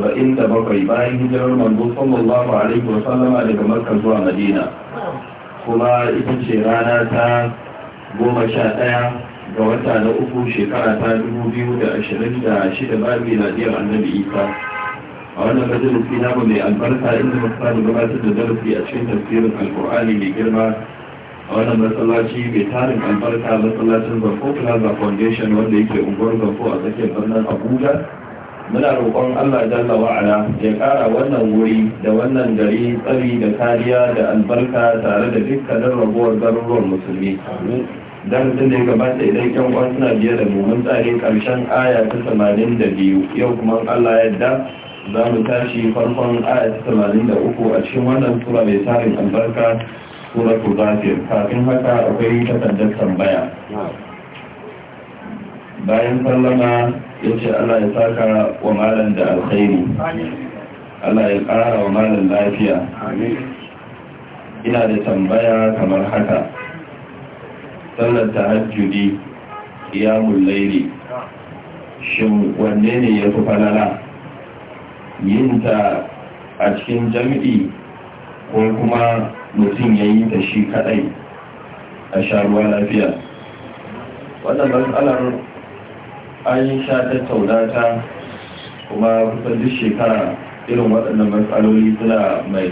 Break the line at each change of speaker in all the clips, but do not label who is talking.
saba'in da bakwai bayan hijirar manzo sallallahu alaihi wa sallama daga makka zuwa madina kuma ita ce rana ta goma sha ɗaya ga wata na uku shekara ta dubu biyu da ashirin da shida bayan miladiyar annabi isa a wannan majalisi na mai albarka inda muka gabatar da darasi a cikin tafsirin alkur'ani mai girma a wannan masallaci mai tarin albarka masallacin zanko plaza foundation wanda yake unguwar zanko a tsakiyar birnin abuja muna roƙon Allah jalla wa'ala ya ƙara wannan wuri da wannan gari tsari da kariya da albarka tare da dukkanin raguwar garuruwan musulmi darasin da ya gabata idan yan uwa suna biye da mu mun karshen aya ta biyu yau kuma Allah yadda za mu tashi farkon aya ta uku a cikin wannan sura mai tarin albarka suratul ghafir kafin haka akwai takardar tambaya bayan sallama yace Allah ya saka wa malam da alkhairi Allah ya ƙara wa malam lafiya ina da tambaya kamar haka sallar tahajjudi qiyamul layli shin wanne ne ya fi falala Yinta a cikin jami'i ko kuma mutum ya yi ta shi kadai a sha ruwa lafiya wannan matsalar an sha ta taudata kuma kusan duk shekara irin waɗannan matsaloli suna mai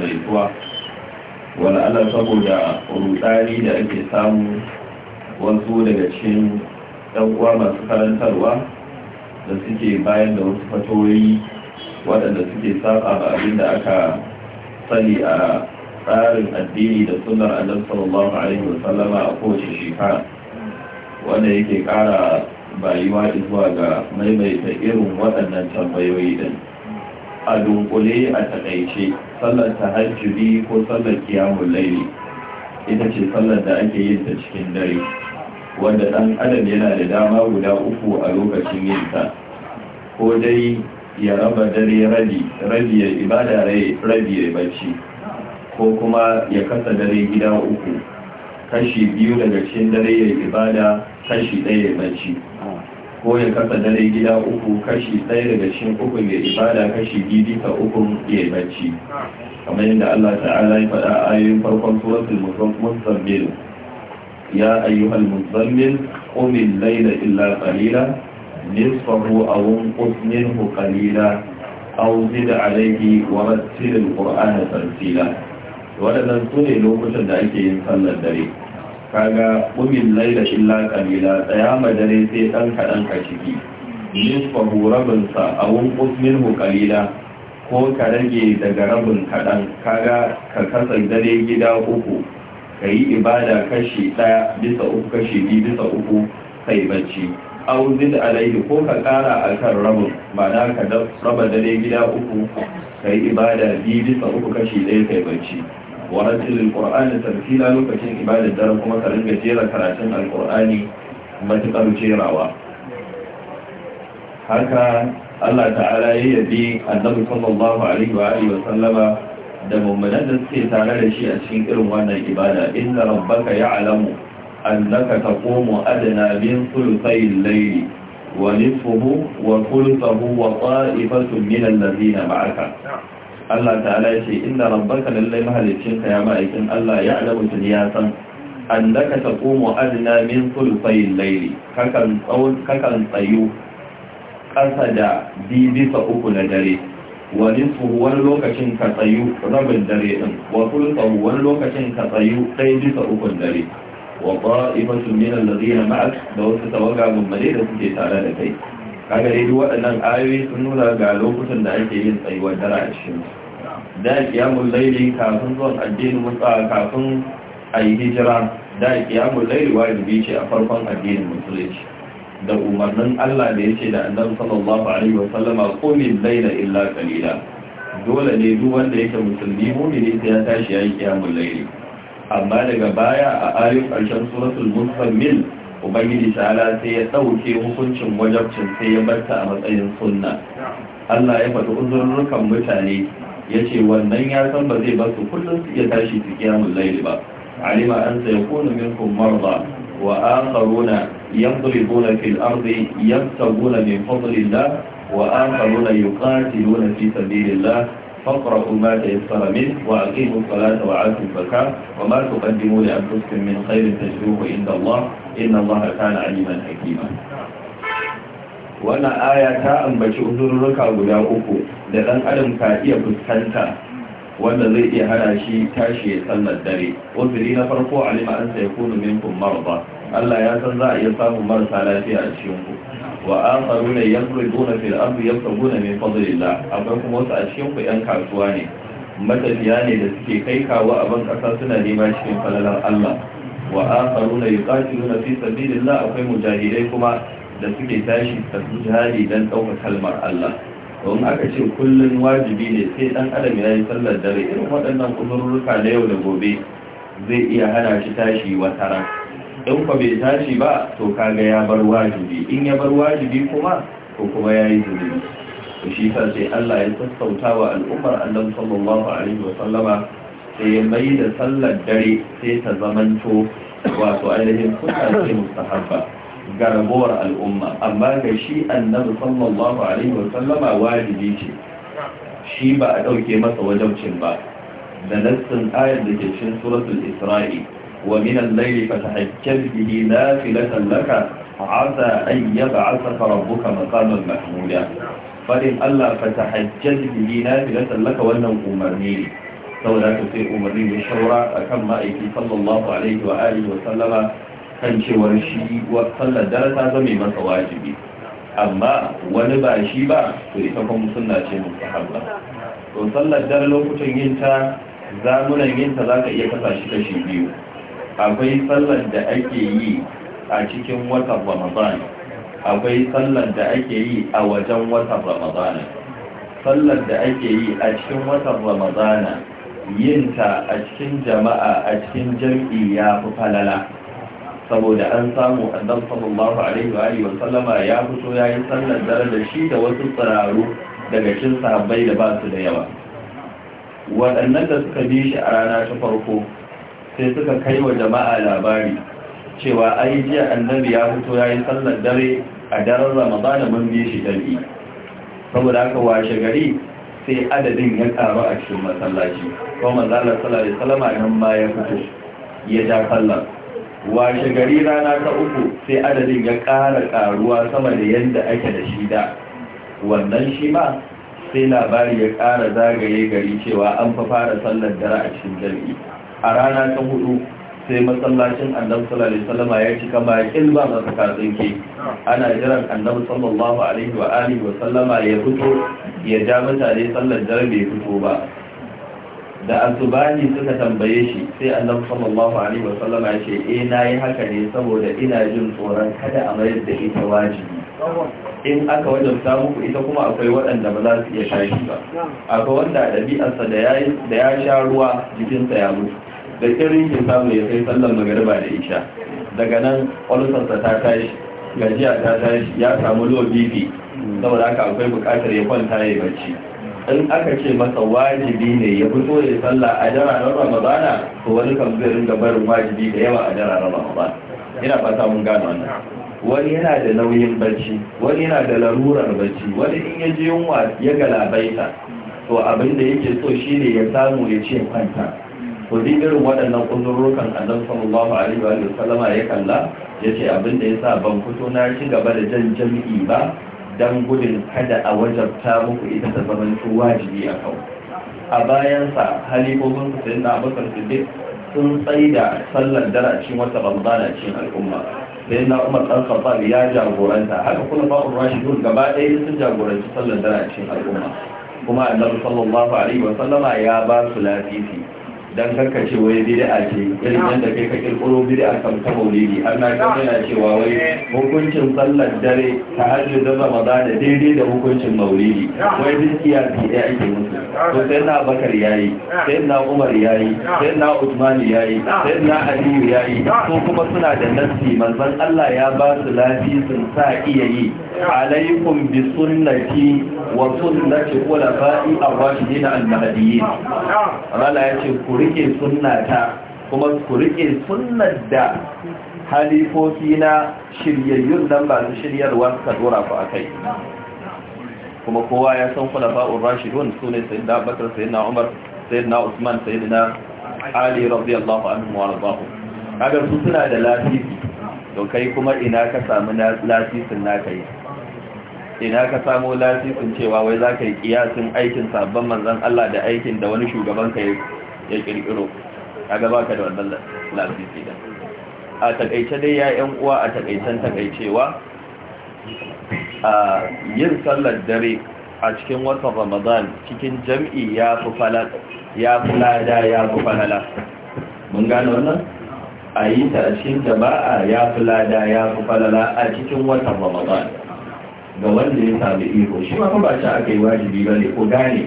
wani ala saboda rudari da ake samu wasu daga cikin uwa masu karantarwa da suke bayan da wasu fatoyi waɗanda suke saba ba abin da aka sani a tsarin addini da sunar annabi sallallahu alaihi wasallama a kowace shekara wanda yake ƙara bayuwa zuwa ga maimaita irin waɗannan tambayoyi din a dunkule a taƙaice sallar ta tahajjudi ko sallar kiyamun laili ita ce sallar da ake yin ta cikin dare wanda ɗan adam yana da dama guda uku a lokacin yin ta ko dai ya raba dare rabi rabi ya ibada rai rabi ya bacci ko kuma ya kasa dare gida uku kashi biyu daga cikin dare ya ibada kashi ɗaya ya bacci ko ya kasa dare gida uku kashi ɗaya daga cikin uku ya ibada kashi biyu bisa uku ya bacci kamar yadda Allah ta'ala ya faɗa a ayoyin farkon suratul muzammil ya ayyuhal muzammil qum al Laila illa qalila nisfahu aw unqus minhu qalila aw zid alayhi wa rattil al-qur'ana tartila waɗannan su ne lokutan da ake yin sallar dare kaga umin laila illa kalila tsaya madare sai ɗan kaɗan ka ciki nisfahu rabinsa a wunkus minhu kalila ko ka rage daga rabin kaɗan kaga ka kasa dare gida uku ka yi ibada kashi ɗaya bisa uku kashi biyu bisa uku sai bacci auzin alaihi ko ka ƙara a kan rabin ba na ka raba dare gida uku ka yi ibada biyu bisa uku kashi ɗaya sai bacci wa ratilil qur'ani lokacin ibadar dare kuma ka ringa jera karatun Alƙur'ani matukar jerawa haka Allah ta'ala ya yabi annabi sallallahu alaihi wa alihi wa sallama da mummunan da suke tare da shi a cikin irin wannan ibada inna rabbaka ya'lamu annaka taqumu adna min thuluthay al-layl wa nisfuhu wa thuluthahu wa ta'ifatun min alladhina ma'aka Allah ta'ala ya ce inna rabbaka lallai mahalicinka ya ma'aikin Allah ya alamu tun ya san annaka taqumu adna min thulfayil layli kakan tsawon kakan tsayu ƙasa da bibisa uku na dare wa nisfu wani lokacin ka tsayu rabin dare din wa thulfahu lokacin ka tsayu ɗaya bisa ukun dare wa ta'ifatun min alladhina ma'ak da wasu tawaga gummare da suke tare da kai kaga dai duk waɗannan ayoyi sun nuna ga lokutan da ake yin tsayuwar dare a cikin su da ƙiyamun laili kafin zuwan addinin Musa, kafin a yi hijira da ƙiyamun laili wajibi ce a farkon addinin musulunci da umarnin Allah da ya ce da annan sallallahu alaihi wa sallama qumil laila illa kalila dole ne duk wanda yake musulmi mu'mini sai ya tashi yayi ƙiyamun layli amma daga baya a ayoyin karshen suratul muzammil ubangiji ta'ala sai ya ɗauke hukuncin wajabcin sai ya barta a matsayin sunna Allah ya faɗi uzurrukan mutane ya ce wannan ya san ba zai basu kullum ya tashi su kiyamun laili ba alima an saya ya kone min kummar ba wa an tsaruna yan zuri gona fil arzi yan tsaruna la wa an tsaruna yi kati la fakwara kuma wa a kai mun wa an tun baka wa ma su kaddimu da an tuskin min tsairin tashiru ko inda allah inna allah ta kana aliman hakima wannan aya ta ambaci uzurruka guda uku da ɗan adam ka iya fuskanta wanda zai iya hana shi tashi ya sallar dare uzuri na farko alima an sai kunu minkum marda Allah ya san za a iya samun marasa lafiya a cikin ku wa akharuna yadribuna fil ardi yabtaguna min fadlillah akwai kuma wasu a cikin ku yan kasuwa ne matafiya ne da suke kai kawo a ban kasa suna nema cikin falalar Allah wa akharuna yuqatiluna fi sabilillah akwai mujahidai kuma da suke tashi a jihari don ɗaukar kalmar Allah don aka ce kullum wajibi ne sai ɗan adam ya yi sallar dare irin waɗannan uzurruka na yau da gobe zai iya hana shi tashi wataran don ba bai tashi ba to kaga ya bar wajibi in ya bar wajibi kuma ko kuma ya yi zunubi to shi sa sai Allah ya sassauta wa al'ummar annabi sallallahu alaihi wa sallama sai ya mai da sallar dare sai ta zamanto wato ainihin sunna ce mustahabba ga al'umma amma ga shi annabi sallallahu alaihi wa sallama wajibi ce shi ba a dauke masa wajabcin ba da nassin ayar da ke cikin suratul isra'i wa min al-layli fatahajjal bihi nafilatan laka asa an yab'athaka rabbuka maqaman mahmuda fadin Allah fatahajjal bihi nafilatan laka wannan umarni ne saboda ka sai umarni ne shawara akan ma'aiki sallallahu alaihi wa alihi wa sallama kan cewar shi sallar dare ta zama masa wajibi amma wani ba shi ba to ita kuma sunna ce mustahabba to sallar dare lokutan yin ta zamunan yin ta zaka iya kasa shi kashi biyu akwai sallar da ake yi a cikin watan ramadan akwai sallar da ake yi a wajen watan ramadan sallar da ake yi a cikin watan ramadan yin ta a cikin jama'a a cikin jam'i ya fi falala saboda an samu annabi sallallahu alaihi wa alihi wa ya fito yi sallar dare da shi da wasu tsiraru daga cikin sahabbai da ba su da yawa waɗannan da suka bi shi a rana ta farko sai suka kai wa jama'a labari cewa ai jiya annabi ya fito yi sallar dare a daren ramadana mun bi shi dal'i saboda haka washe gari sai adadin ya karu a cikin masallaci kuma manzo sallallahu alaihi wa sallama nan ma ya fito ya ja sallar washe gari rana ta uku sai adadin ya ƙara ƙaruwa sama da yadda ake da shi da wannan shi ma sai labari ya ƙara zagaye gari cewa an fa fara sallar dare a cikin jami'i a rana ta hudu sai masallacin annabi sallallahu alaihi wasallam ya cika bakin ba masa katsinke ana jiran annabi sallallahu alaihi wa alihi wa sallama ya fito ya ja mutane sallar dare bai fito ba da asubani suka tambaye shi sai annabi sallallahu alaihi wa sallam ya ce eh nayi haka ne saboda ina jin tsoron kada a mayar da ita wajibi in aka wajen ta muku ita kuma akwai waɗanda ba za su iya shashi ba akwai wanda ɗabi'arsa da ya sha ruwa jikinsa ya mutu da irin ke samu ya kai sallar magariba da isha daga nan ƙwalusarsa ta tashi gajiya ta tashi ya samu low bp saboda haka akwai buƙatar ya kwanta ya barci. in aka ce masa wajibi ne ya fito ya salla a na ramadana to wani kan zai ringa barin wajibi da yawa a na ramadana ina fata mun gano wannan wani yana da nauyin bacci wani yana da larurar bacci wani in ya je yunwa ya galabaita to abin da yake so shine ya samu ya ce kwanta to duk irin waɗannan uzurrukan annabi sallallahu alaihi wa sallama ya kalla ya ce abin da ya sa ban fito na ci gaba da jan jami'i ba don gudun kada a wajabta muku ita ta zaman wajibi a kau. a bayansa halifofin su sayi na abokan su sun tsaye da sallar dara cikin wata ramadana cikin al'umma sai na umar ɗan kafar ya jagoranta haka kuma ba'ur rashidun gaba ɗaya sun jagoranci sallar dara cikin al'umma kuma annabi sallallahu alaihi wa sallama ya ba su lafifi dan karka ce wai bid'a ce irin yadda kai ka kirkiro bid'a kan ta maulidi Allah ya yana cewa wai hukuncin sallar dare ta hajji da Ramadan da daidai da hukuncin maulidi wai bidiya ce da ake musu to sai na Bakar yayi sai na Umar yayi sai na Uthman yayi sai na Ali yayi to kuma suna da nasi manzon Allah ya ba su sun sa iya yi alaikum bi sunnati wa sunnati khulafa'i ar-rashidin al-mahdiyyin Allah ya ce ku rike sunnata kuma ku rike sunnar da halifofi na shiryayyun nan ba su shiryarwa suka dora ku akai kuma kowa ya san kula ba'ur rashidun su ne sayyidina abubakar na umar na usman sayyidina ali radiyallahu anhu wa radahu kaga su suna da lafifi to kai kuma ina ka samu lafifin na yi ina ka samu lafifin cewa wai za ka yi kiyasin aikin sabon manzan Allah da aikin da wani shugaban ka ya kirkiro gaba ka da wannan lafifi da a takaice dai ya yan uwa a takaicen takaicewa a yin sallar dare a cikin watan ramadan cikin jam'i ya fi ya fi lada ya fi falala mun gano wannan a yi ta a cikin jama'a ya fi lada ya fi falala a cikin watan ramadan ga wanda ya sami iko shi ma ba shi aka yi wajibi ba ne ko gane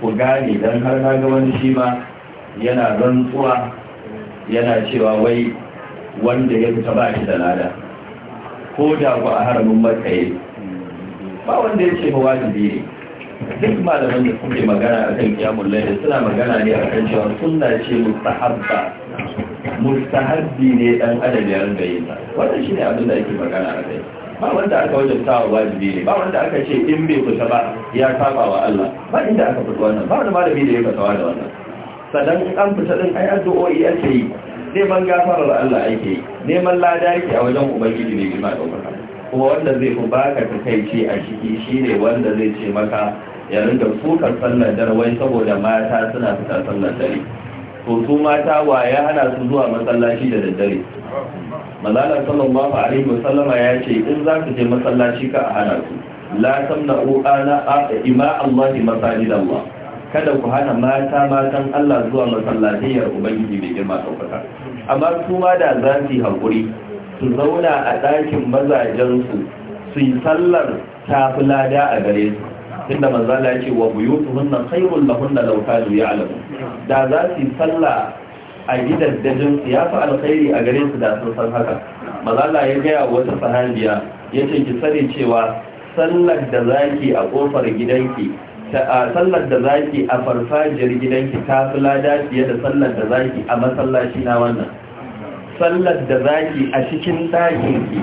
ku gane don har na ga wani shi ma yana rantsuwa yana cewa wai wanda ya fita ba shi da lada ko da ku a haramin matsayi ba wanda ya ce ma wajibi ne duk malaman da suke magana a kan kyamun laifin suna magana ne a kan cewa suna ce mustahabba mustahabbi ne dan adam ya rinka yin sa wannan shine abin da ake magana a kai ba wanda aka wajen tawa wajibi ne ba wanda aka ce in bai kusa ba ya saba wa Allah ba inda aka fito wannan ba wani malami da ya fasawa da wannan sannan an fita din ai addu'o'i ake yi neman gafarar Allah ake yi neman lada yake a wajen ubangiji ne girma da umarna kuma wanda zai fi baka takaici a ciki shine wanda zai ce maka ya rinka sukar sallar dare wai saboda mata suna fita sallar dare to su mata wa ya hana su zuwa masallaci da daddare mazala sallallahu alaihi wasallama ya ce in za su je masallaci ka a hana su la tamna'u A ima Allah masajid Allah kada ku hana mata matan Allah zuwa masallatiyar ubangiji mai girma saukaka amma su ma da za su yi haƙuri su zauna a ɗakin mazajensu su yi sallar tafi lada a gare su tunda manzo Allah ya ce wa hunna khairul lahunna law kanu ya'lamu da za su salla a gidan dajin su ya fi alkhairi a gare su da sun san haka manzo Allah ya ga wata sahabiya yace ki sani cewa sallar da zaki a kofar gidanki ta sallar da zaki a farfajiyar gidanki ta fi lada fiye da sallar da zaki a masallaci na wannan sallar da zaki a cikin ki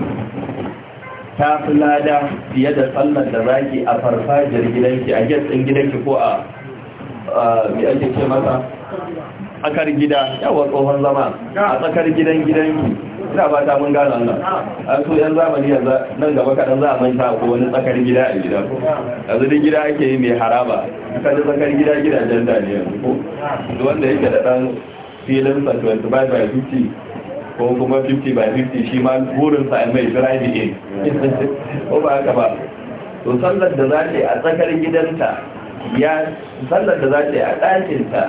ta fi lada fiye da tsallar da zaki a farfajiyar gidanki a getsin gidanki ko a mai ake ce masa tsakar gida yawon tsohon zama a tsakar gidan gidanki ina ba ta mun gano nan a su yan zamani yanzu nan gaba kaɗan za a manta ko wani tsakar gida a gida a duk gida ake yi mai haraba ka tsakar gida gidajen da ne yanzu ko wanda yake da ɗan filin sa 25 by 50 ko kuma 50 by 50 shi ma burinsa a mai drive in ko ba haka ba to sallar da za ta yi a tsakar gidanta ya sallar da za ta yi a ɗakinta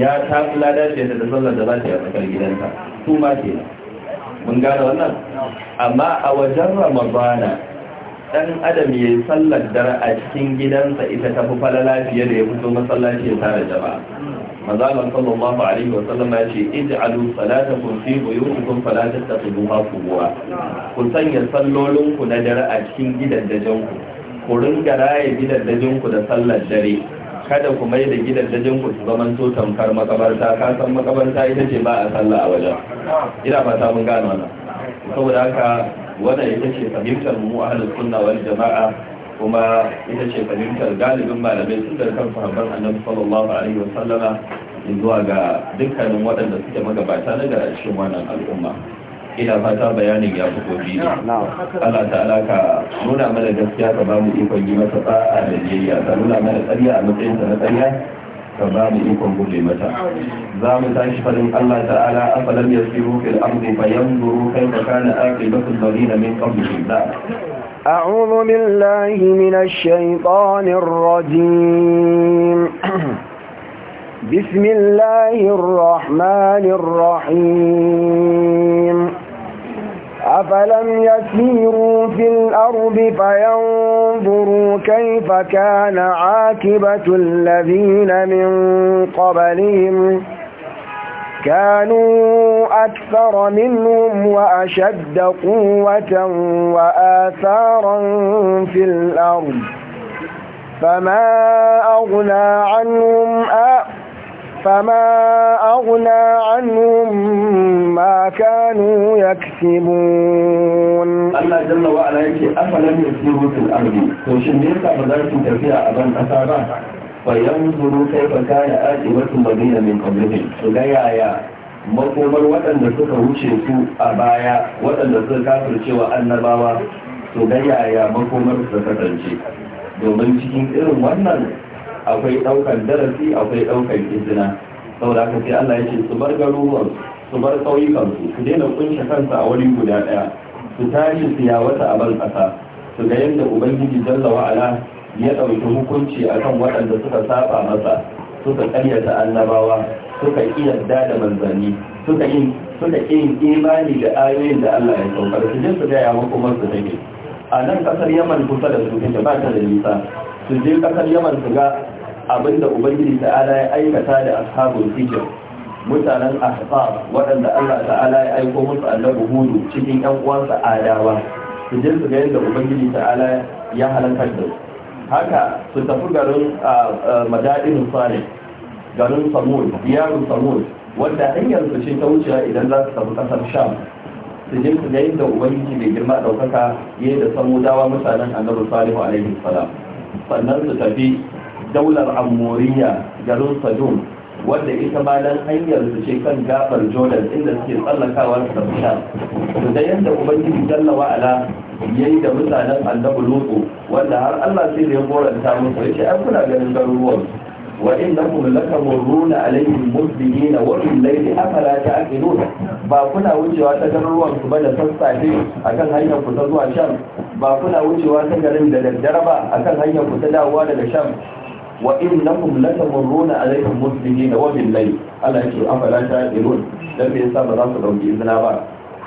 ya ta fi ce da sallar da za ta yi a tsakar gidanta su ma ke mun gane wannan amma a wajen ramadana dan adam ya yi sallar dare a cikin gidansa ita ta fi falala fiye da ya fito masallaci ya tara jama'a mazalar sallallahu alaihi wasallam ya ce ij'alu kun fi buyutikum fala tattaqibuha qubuwa ku sanya sallolin na dare a cikin gidajen ku ku ringa raye gidan ku da sallar dare kada ku mai da gidajen ku su zaman to tamkar makabarta ka san makabarta ita ce ba a sallah a wajen ina fata mun gano wannan saboda haka wannan ita ce fahimtar mu ahlus sunna wal jama'a kuma ita ce fahimtar galibin malamai sun da kan sahabban annabi sallallahu alaihi wa sallama zuwa ga dukkanin waɗanda suke magabata na garashin wannan al'umma ina fata bayanin ya fi gobi ne Allah ta'ala ka nuna mana gaskiya ka ba mu ikon yi mata tsa'a da biyayya ka nuna mana tsariya a matsayin sa na tsariya ka ba mu ikon gode mata za mu tashi farin Allah ta'ala afalam yasiru fil ardi fayanzuru kayfa kana aqibatu alladhina min qablihim da
أعوذ بالله من الشيطان الرجيم بسم الله الرحمن الرحيم أفلم يسيروا في الأرض فينظروا كيف كان عاكبة الذين من قبلهم كانوا أكثر منهم وأشد قوة وآثارا في الأرض فما أغنى عنهم فما أغنى عنهم ما كانوا يكسبون الله جل
وعلا يكي أفلم يكسبوا في الأرض وشنيرك بدأت تفيع أبن أثارات fayanzuru kaifa kana aqibatu madina min qablihim to ga yaya makomar waɗanda suka wuce su a baya waɗanda suka kafircewa annabawa to ga yaya makomar su kasance domin cikin irin wannan akwai ɗaukar darasi akwai ɗaukar izina saboda haka sai Allah ya ce su bar garuruwan su bar ƙauyukansu su su daina kunshe kansa a wuri guda ɗaya su tashi su wata a ban kasa. su ga yadda ubangiji jalla wa'ala ya ɗauki hukunci akan waɗanda suka saba masa suka ƙaryata annabawa suka yarda da manzanni suka yin suka yin imani da ayoyin da Allah ya saukar su je su ga ya makomar su take a nan kasar Yaman kusa da su take ba ta da nisa su je kasar Yaman su ga abinda Ubangiji ta'ala ya aikata da ashabul hijr mutanen ahbab waɗanda Allah ta'ala ya aiko musu annabi hudu cikin ƴan uwansa adawa su je su ga yadda Ubangiji ta'ala ya halakar da su haka su tafi garin madadin sani garin samun diyarun samun wanda hanyar su ce ta wucewa idan za su tafi kasar sham su je su ga yadda ubangiji mai girma daukaka yayin da samudawa mutanen garin salihu alaihi salam sannan su tafi daular amuriya garin sadun. Wanda ita ma dan hanyar su ce kan gafar jordan inda suke tsallakawa su tafi Su da yadda ubangiji jalla wa'ala ya yi da mutanen annabi lutsu wanda har allah sai da ya koranta musu ya ce an kuna ganin garuruwan wa innakum latamurruna alaihim musbihina wa aka lati ake nuna ba kuna wucewa ta garuruwan su ba da sassafe kan hanyar ku ta zuwa sham ba kuna wucewa ta garin da daddare ba kan hanyar ku ta dawowa daga sham wa innakum latamurruna alaihim muslimina wa bil layl Allah yake afala ta'qilun dan me yasa ba za su dauki izina ba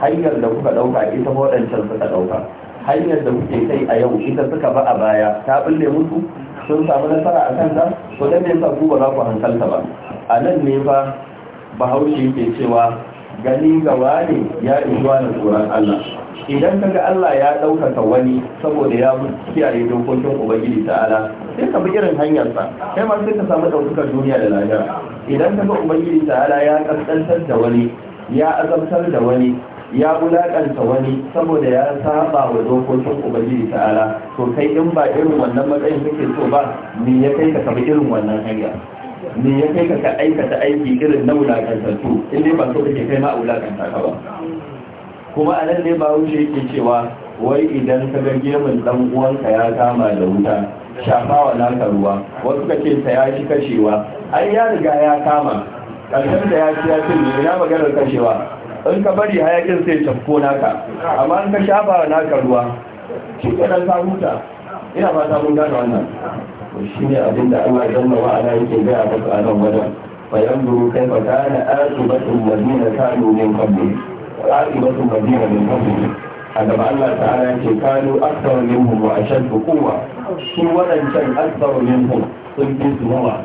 hanyar da kuka dauka ita ba wadancan suka dauka hanyar da kuke kai a yau ita suka ba a baya ta bulle musu sun samu nasara a kan ta to dan me yasa ku ba za ku hankalta ba a nan ne fa bahaushe ke cewa gani gawa ne ya izuwa da tsoron Allah idan kaga Allah ya ɗaukaka wani saboda ya kiyaye dokokin ubangiji ta'ala sai ka bi irin hanyarsa kai ma sai ka samu ɗaukakar duniya da lafiya idan kaga ubangiji ta'ala ya kaskantar da wani ya azabtar da wani ya wulaƙanta wani saboda ya saba wa dokokin ubangiji ta'ala to kai in ba irin wannan matsayin kake so ba me ya kai ka ka bi irin wannan hanya me ya kai ka ka aikata aiki irin na wulaƙantattu in dai ba so kake kai ma a wulaƙanta ka ba kuma a nan ne ba wuce yake cewa wai idan ka ga gemun dan uwanka ya kama da wuta wa naka ruwa wasu ka ce ta ya shi kashewa ai ya riga ya kama ƙarshen da ya ci ya cinye ya maganar kashewa in ka bari hayakin sai tafko naka amma in ka shafa naka ruwa shi ka dan ka huta ina fata mun gane wannan shi ne abin da Allah ya zama ana yake gaya maka a nan wajen Bayan buru kai fa kana aqibatu alladhina kanu min qablihim قائمة مدينة من قبله هذا الله تعالى كانوا أكثر منهم وأشد قوة سوى أن أكثر منهم سنبيس مرة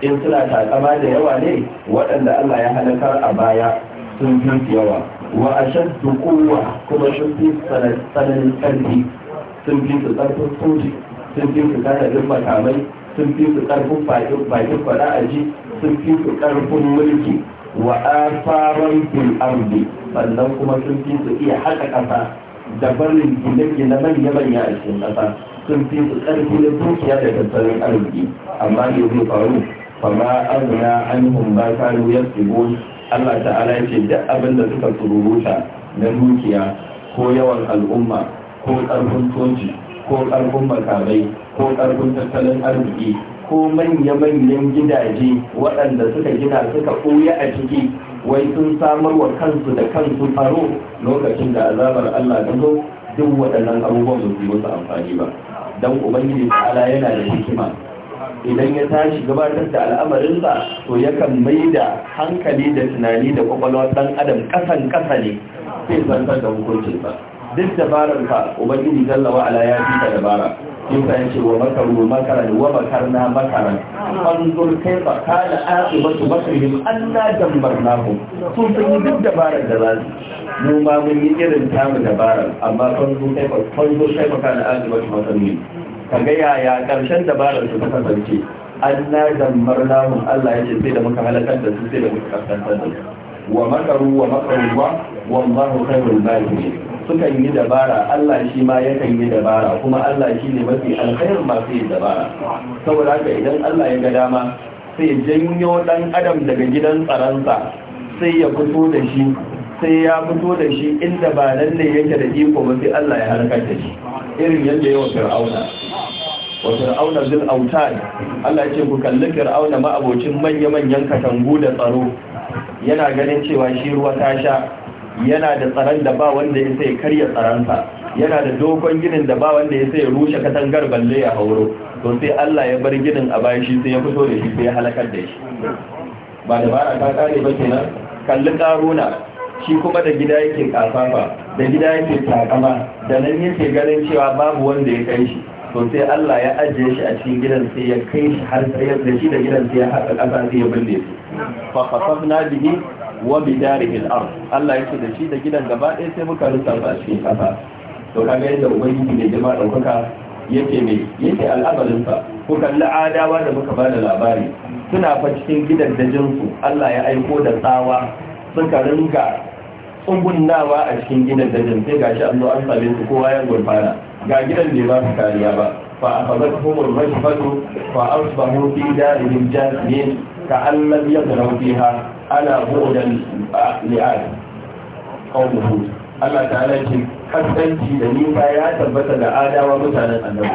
in suna takama da yawa ne waɗanda Allah ya halakar a baya sun fi yawa wa a shaddu kowa kuma sun fi tsananin ƙarfi sun fi su ƙarfin soji sun fi su tanadin makamai sun fi su ƙarfin bakin fara'aji sun fi su ƙarfin mulki wa asaran fil ardi sannan kuma sun fi su iya haka ƙasa da barin gine-gine manya-manya a cikin ƙasa sun fi su karfi da dukiya da tattalin arziki amma ne zai faru fama azna anhum ba kanu yasibun Allah ta'ala ya ce duk abin da suka tsururuta na dukiya ko yawan al'umma ko ƙarfin toci ko ƙarfin makamai ko ƙarfin tattalin arziki ko manya-manyan gidaje waɗanda suka gina suka ɓoye a ciki wai sun samar wa kansu da kansu faro lokacin da azabar Allah ta zo duk waɗannan abubuwan ba su musu amfani ba don ubangiji ta'ala yana da hikima idan ya tashi gabatar da al'amarinsa to yakan mai da hankali da tunani da kwakwalwa ɗan adam ƙasan ƙasa ne sai zantar da ba. duk dabararka ubangiji zallawa ala ya fi dabara yusa ce, wa makaru makaran wa makarna makaran fanzur kaifa kana aqibatu makrihim anna dambarnahum sun sun duk dabarar da za su mu ma mun yi irin tamu dabarar amma fanzur kaifa fanzur kaifa kana aqibatu ka ga yaya karshen dabarar su ta kasance anna dambarnahum Allah ya ce, sai da muka halakar da su sai da muka kaskantar da su wa makaru wa makaru wa wallahu khairul makirin sukan yi dabara Allah shi ma yakan yi dabara kuma Allah shi ne mafi alkhairin masu yin dabara saboda haka idan Allah ya ga dama sai janyo dan adam daga gidan tsaransa sai ya fito da shi sai ya fito da shi inda ba nan ne yake da iko ba sai Allah ya harkar da shi irin yadda yawa fir'auna wa fir'auna zil autan Allah ya ce ku kalli fir'auna ma abocin manya-manyan katangu da tsaro yana ganin cewa shi ruwa ta sha yana da tsaron da ba wanda ya sai karya tsaronsa yana da dogon ginin da ba wanda ya sai rushe katangar balle ya hauro to sai Allah ya bar ginin a bayan shi sai ya fito da shi sai ya halakar da shi ba da ba a ta kare ba kenan kalli karuna shi kuma da gida yake kafafa da gida yake takama da nan yake ganin cewa babu wanda ya kai shi to sai Allah ya ajiye shi a cikin gidan sai ya kai shi har sai ya shi da gidan sai ya haɗa ƙasa sai ya bulle su fa khasafna bihi wa bi darihi al-ard Allah ya ce da shi da gidan gaba ɗaya sai muka rusa a cikin ƙasa to kaga yadda ubangiji ne jama'a ɗaukaka yake mai yake al'amarin sa ko kalli adawa da muka ba da labari suna fa cikin gidan da jinsu Allah ya aiko da tsawa suka ringa tsubunnawa a cikin gidan da jinsu sai gashi an zo an same su kowa ya gurfana ga gidan ne ba su kariya ba fa akhadathum ar-rajfatu fa asbahu fi darihim jasimin ka an lam yadraw fiha ana bu'dan li'ad qawluhu Allah ta'ala ce kasanci da nisa ya tabbata da adawa mutanen annabi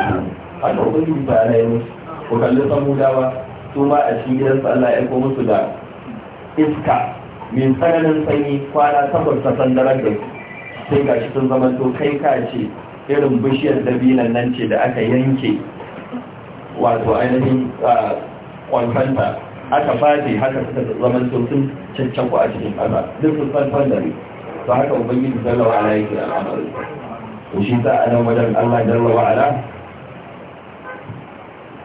haka ubangiji ta ya musu ku kalli samudawa su ma a cikin gidan Allah ya ko musu da iska min tsananin sanyi kwana takwas ta sandarar da sai ga shi sun zama to kai ka ce irin bishiyar dabilan nan ce da aka yanke wato ainihin kwanfanta aka fati haka suka zaman sosun cancanku a cikin ƙasa duk su fanfan da ne to haka ubangiji zallawa ala yake al'amari to shi ta a nan wajen allah jallawa ala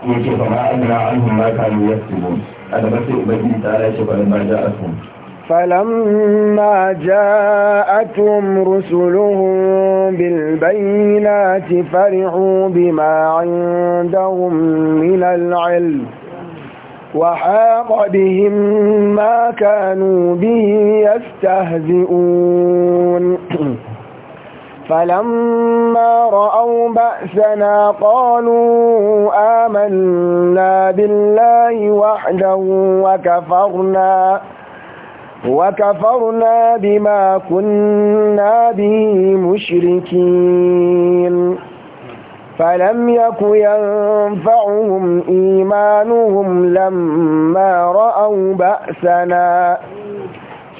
yake fama an na an ne ya su yasu a da masu ubangiji ta ala ce ba da a ja'asun
فلما جاءتهم رسلهم بالبينات فرحوا بما عندهم من العلم وحاق بهم ما كانوا به يستهزئون فلما رأوا بأسنا قالوا آمنا بالله وحده وكفرنا وكفرنا وكفرنا بما كنا به مشركين فلم يك ينفعهم إيمانهم لما رأوا بأسنا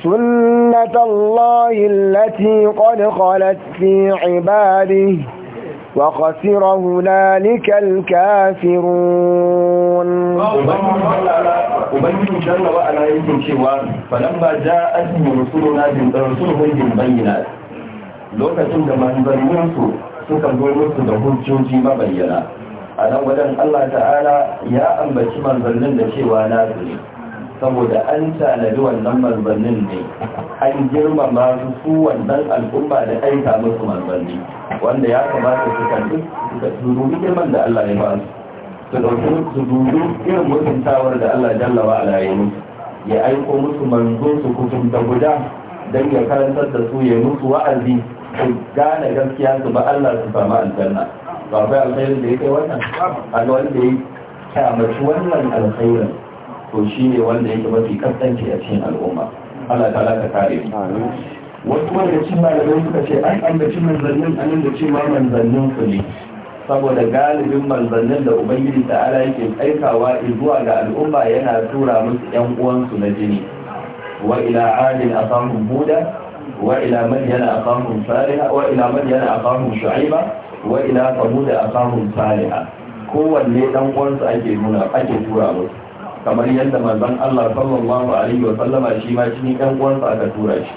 سنة الله التي قد خلت في عباده وخسر هنالك الكافرون
ubangiji jalla wa ala yake cewa falamma ja'atuhum rusuluna bin rusulun bin bayyinat lokacin da manzannin su suka zo musu da hujjoji mabayyana a nan wajen Allah ta'ala ya ambaci manzannin da cewa nasu saboda an tanadi wannan marbannin ne an girmama su su wannan al'umma da aika musu marbanni wanda ya kamata su kan da girman da Allah ya ba su su dauki su dubi irin mutuntawar da Allah jalla wa ala ya musu ya aiko musu manzo su kutun da guda dan ya karantar da su ya musu wa'azi su gane gaskiya su ba Allah su fama aljanna ba kai alkhairin da ya kai wannan alwanda ya kyamaci wannan alkhairin to shi ne wanda yake mafi kasance a cikin al'umma Allah ta laka kare wasu wanda cin malamai suka ce an ambaci manzannin anan da cewa manzannin su ne saboda galibin manzannin da ubangiji ta ala yake aikawa zuwa ga al'umma yana tura musu yan uwansu na jini wa ila adin asahum huda wa ila madyana asahum saliha wa ila madyana asahum shu'aiba wa ila thamud asahum saliha kowanne dan uwansu ake nuna ake tura musu kamar yadda manzon Allah sallallahu alaihi wa sallama shi ma cikin ɗan uwansa aka tura shi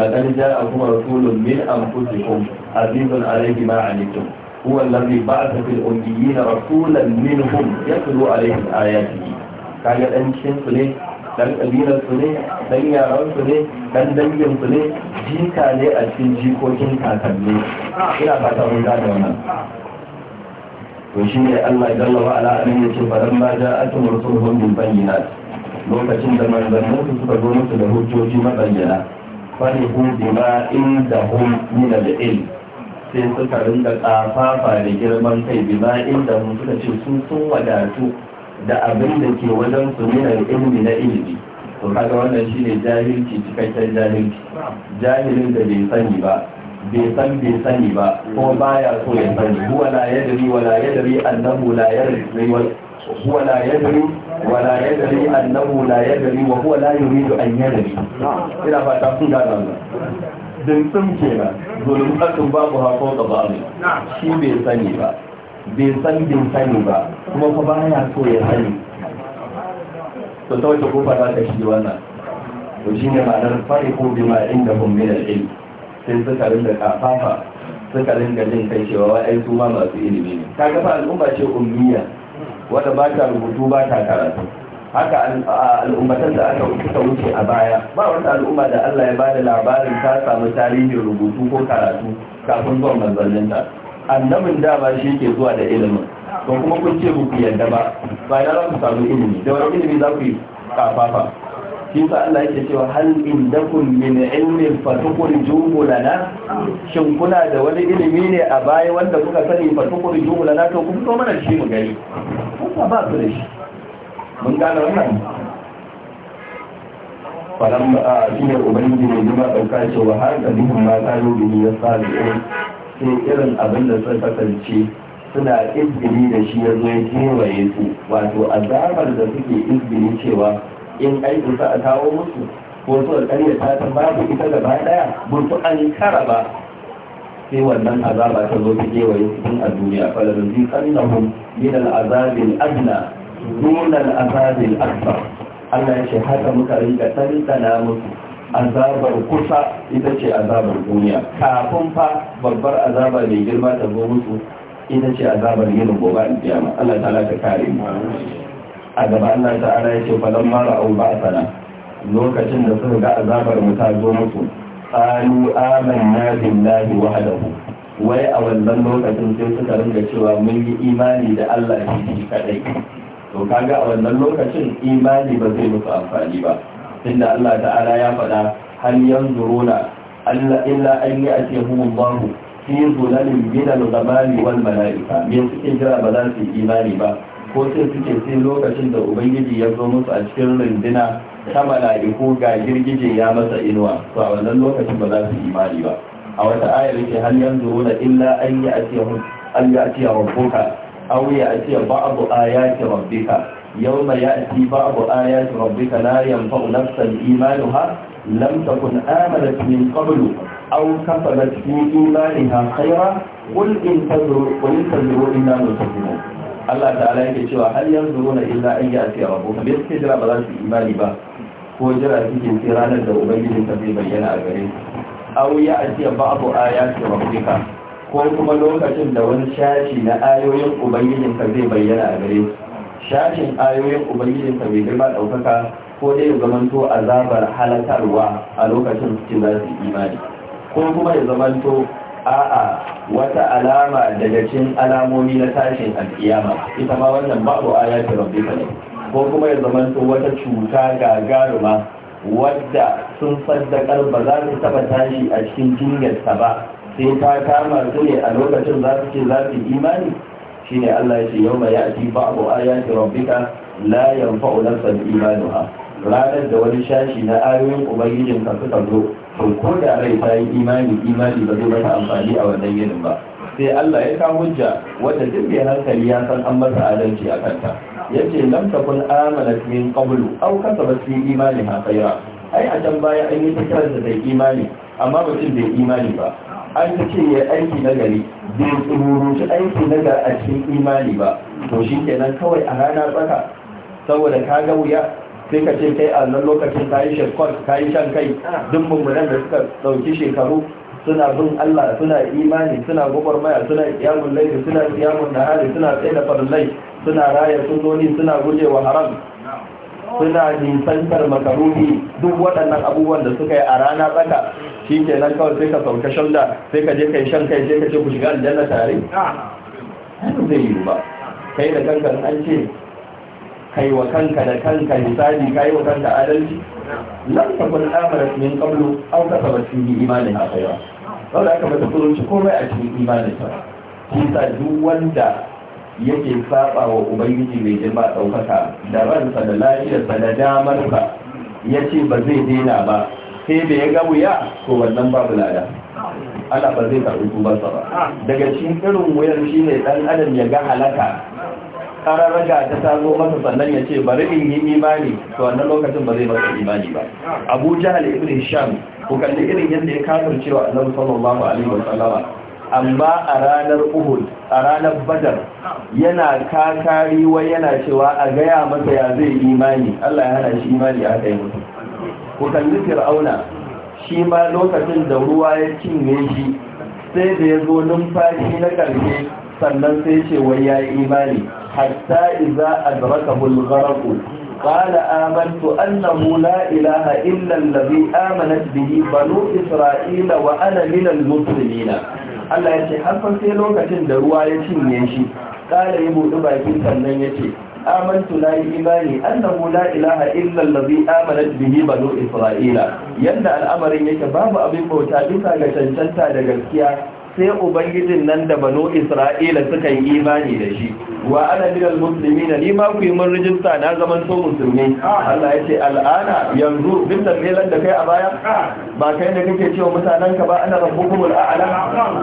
laqad ja'akum rasulun min anfusikum azizun alayhi ma anittum huwa alladhi ba'atha fil ummiyina rasulan minhum yatlu alaihim ayatihi kaga dan cikin su ne dan kabilar su ne dan yaran su ne dan dangin su ne jika ne a cikin jikokin kakanni ina fata mun gane wannan to shi ne Allah ya dalla wa ala anan yace balan ma ja'atu rusuluhum bil bayyinat lokacin da manzannin su suka zo musu da hujjoji mabayyana farihu bima indahum min al-ilm sai suka rinda kafafa da girman kai bima inda mu suka ce su sun wadatu da abin da ke wajen su min al-ilmi na ilimi to kaga wannan shine jahilci cikakken jahilci jahilin da bai sani ba bai san bai sani ba kuma baya so ya sani huwa la yadri wala yadri annahu la yadri هو لا يدري ولا يدري wa لا يدري وهو لا يريد أن يدري إلى فاتحكم قال الله dinsin kenan zulmatun babu hako da babu shi bai sani ba bai san bin sani ba kuma fa baya so ya sani to ta wace kofa za ta shi wannan to shine ma'anar fariqu bima indakum min al-ilm sai suka rinda kafafa suka rinda jin kai cewa ai su ma masu ilimi ne kaga fa al'umma ce ummiya wanda ba ta rubutu ba ta karatu haka al'ummatan da aka suka wuce a baya ba wata al'umma da Allah ya ba da labarin ta samu tarihin rubutu ko karatu kafin zuwan manzanninta annabin dama shi ke zuwa da ilimin to kuma kun ce ku yarda ba ba za ku samu ilimi da wani ilimi za ku yi kafafa kisa ka Allah yake cewa hal indakum min ilmin fatukhrijuhu lana shin kuna da wani ilimi ne a baya wanda kuka sani fatukhrijuhu lana to kun zo mana shi mu gani kuma ba su da shi mun gane wannan falam a cikin ubangiji ne kuma dauka cewa har da dukkan ma yi bi ya sabi sai irin abin da sai kasance suna izgini da shi ya zo ya kewaye su wato azabar da suke izgini cewa in aiki za a kawo musu wasu alƙarya ta ta babu ita gaba ɗaya, burtu an kara ba sai wannan azaba ta zo ta kewaye cikin a duniya falazin zai hun min al'azabin adna nuna al'azabin akbar allah ya ce haka muka rinka tantana musu azabar kusa ita ce azabar duniya kafin fa babbar azaba mai girma ta zo musu ita ce azabar yin gobe a kiyama allah ta laka kare mu a gaba Allah ta'ala yake falan mara au ba sana lokacin da suka ga azabar mu ta zo musu qalu amanna billahi wahdahu wai a wannan lokacin sai suka ringa cewa mun yi imani da Allah shi kadai to kaga a wannan lokacin imani ba zai musu amfani ba tunda Allah ta'ala ya faɗa hal yanzuruna alla illa an ya'tihum Allah fi zulalin min al-ghamami wal mala'ika min jira ba za su imani ba ko sai suke sai lokacin da ubangiji ya zo musu a cikin rundina ta mala'iku ga girgije ya masa inuwa to a wannan lokacin ba za su imani ba a wata ayar yake har yanzu wuna illa an yi atiyahum an yi atiyahum rabbuka a ya yau atiya ba'du ayati ba yawma ya'ti ba'du ayati rabbika la yanfa'u nafsan imanuha lam takun amanat min qablu aw kasabat fi imaniha khayra qul in tadru qul in tadru inna mutaqin Allah ta'ala yake cewa har yanzu wani illa an yi asiya rabu kuma bai suke jira ba za su imani ba ko jira suke sai ranar da ubangijin ta zai bayyana a gare su aw ya asiya ce ayati ko kuma lokacin da wani shashi na ayoyin ubangijin ta zai bayyana a gare shashin ayoyin ubangijin ka bai girma daukaka ko dai ya zamanto azabar halakarwa a lokacin cikin za su imani ko kuma ya zamanto a'a wata alama daga cikin alamomi na tashin alkiyama ita ma wannan babu ayatu rabbika ne ko kuma ya to wata cuta gagaruma wadda sun faddakar ba za su taba tashi a cikin ta ba sai ta kama su ne a lokacin za su ce za su imani shine Allah ya ce yau ma ya'ti babu ayati rabbika la yanfa'u nafsan imanuha ranar da wani shashi na ayoyin ubangijinka suka zo to ko da rai yi imani imani ba zai mata amfani a wannan yinin ba sai Allah ya kawo hujja wanda duk mai hankali ya san an masa adalci a kanta yace lam takun amanat min qablu aw kasabat fi imaniha khayra ai a can baya an yi tafiyar da bai imani amma mutum bai imani ba an ta ce ya aiki na gari bai tsururuci aiki na gari a cikin imani ba to shi kenan kawai a rana tsaka saboda ka ga wuya sai ka ce kai a nan lokacin ka yi shekwar ka yi shan kai duk mummunan da suka ɗauki shekaru suna bin Allah suna imani suna gwagwarmaya suna iyamun laifi suna na hari suna tsaye da farillai suna raya sunoni suna guje wa haram suna nisantar makaruni duk waɗannan abubuwan da suka yi a rana tsaka shi ke nan kawai sai ka sauka shalda sai ka je kai shan kai sai ka ce ku shiga aljanna tare zai yi ba kai da kankan an ce kai wa kanka da kanka misali kai wa kanka adalci lam takun amara min qablu aw kasabat fi imaniha khayra wanda aka mata ko komai a cikin imanin ta kisa duk wanda yake saba wa ubangiji mai girma daukaka da ransa da lafiyarsa da damarsa ya ce ba zai daina ba sai da ya ga wuya to wannan babu lada Allah ba zai karɓi tubarsa ba daga cikin irin wuyar shine ne dan adam ya ga halaka raga ta ta zo masa sannan ya ce bari in yi imani to wannan lokacin ba zai masa imani ba abu jihar ibn sham ku kalli irin yadda ya kafin cewa annabi sallallahu alaihi wa sallama amma a ranar uhud a ranar badar yana kakari wai yana cewa a gaya masa ya zai imani allah ya hana shi imani a kai mutu ku kalli fir'auna shi ma lokacin da ruwa ya cinye shi sai da ya zo numfashi na ƙarshe sannan sai ce wai ya yi imani حتى إذا أدركه الغرق قال آمنت أنه لا إله إلا الذي آمنت به بنو إسرائيل وأنا من المسلمين Allah ya ce har lokacin da ruwa ya cinye shi kala ya buɗe bakin sannan ya ce amantu la imani annahu la ilaha bihi banu isra'ila yanda al'amarin yake babu abin bauta bisa ga cancanta da gaskiya sai ubangijin nan da Bano isra'ila suka yi imani da shi wa ana minal muslimin ni ma ku yi mun rijista na zaman to musulmi Allah ya ce al'ana yanzu duk da melan da kai a baya ba kai ne kake cewa mutanen ka ba ana rabbukumul a'la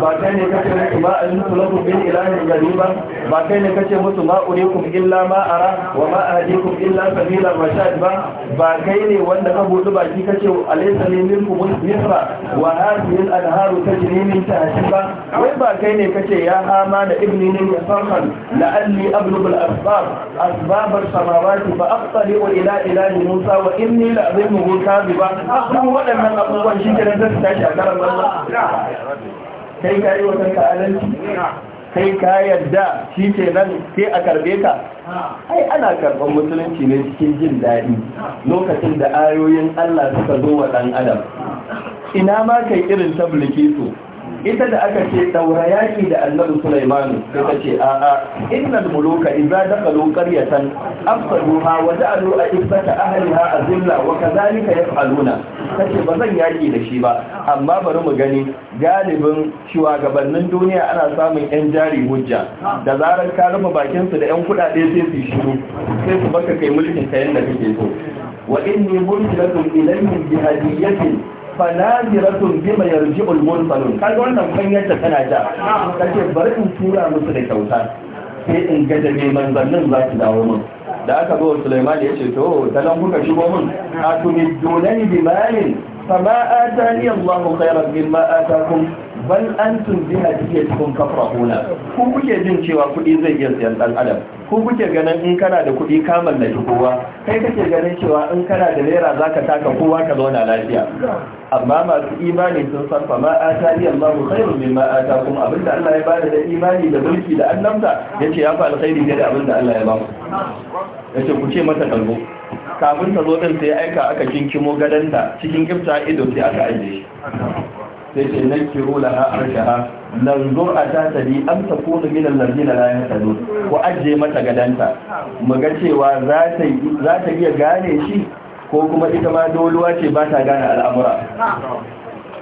ba kai ne kake musu ba annabi lakum bin ilahin gariba ba Ba kai ne kake musu ma urikum illa ma ara wa ma ahdikum illa sabila rashad ba ba kai ne wanda ka budu baki kace alaysa minkum misra wa hadhihi al-anharu tajri min tahtiha wai ba kai ne kace ya hama da ibni ne ya farhan la'alli ablughu al-asbab asbab asbab al samawati fa aqtali ila ilahi musa wa inni la azmuhu kadiba akhu ah, waɗannan abubuwan shi kenan zai tashi a karan wannan kai kai wa kanka alanci Kai ka yadda shi ke nan sai a karbe ka ai ana karban musulunci ne cikin jin daɗi lokacin da ayoyin Allah suka zo wa ɗan adam ina ma kai irin tabliki su ita da aka ce daura yaki da annabi Sulaiman suka ce a a innal muluka idza dakalu qaryatan afsaduha wa ja'alu a'ibbata ahliha azilla wa kadhalika yaf'aluna kace ba zan yaki da shi ba amma bari mu gani galibin shugabannin duniya ana samun yan jari hujja da zarar ka rufe bakin su da yan kudade sai su shiru sai su baka kai mulkin ka yanda kake so wa inni mursilatun ilayhim bihadiyatin fanadiratun bima yarji'ul mursalun kaga wannan kwanyar da tana ja kace bari in tura musu da kyauta sai in ga da mai manzannin za ki dawo min da aka zo Sulaiman ya ce to ta kuka shigo mun? min atumi dunani bi malin fama atani Allahu khairan mimma atakum bal antum bi hadiyatikum kafrahuna ku kuke jin cewa kuɗi zai iya siyan dan adam ku kuke ganin in kana da kuɗi ka mallaki kowa kai kake ganin cewa in kana da naira za ka taka kowa ka zauna lafiya amma masu imani sun san fa ma atani Allahu khairu mimma kuma, abinda Allah ya bada da imani da mulki da annabta yace ya fa alkhairi da abinda Allah ya ba Ya yace ku ce mata kalbo kafin ta zo din sai aika aka kinkimo gadanta cikin kifta ido sai aka aje shi sai ce nan kiro la ha arshaha nanzur a ta tari an ta kone gina lardi na layan salo ko ajiye mata gadanta mu ga cewa za ta iya gane shi ko kuma ita ma doluwa ce ba ta gane al'amura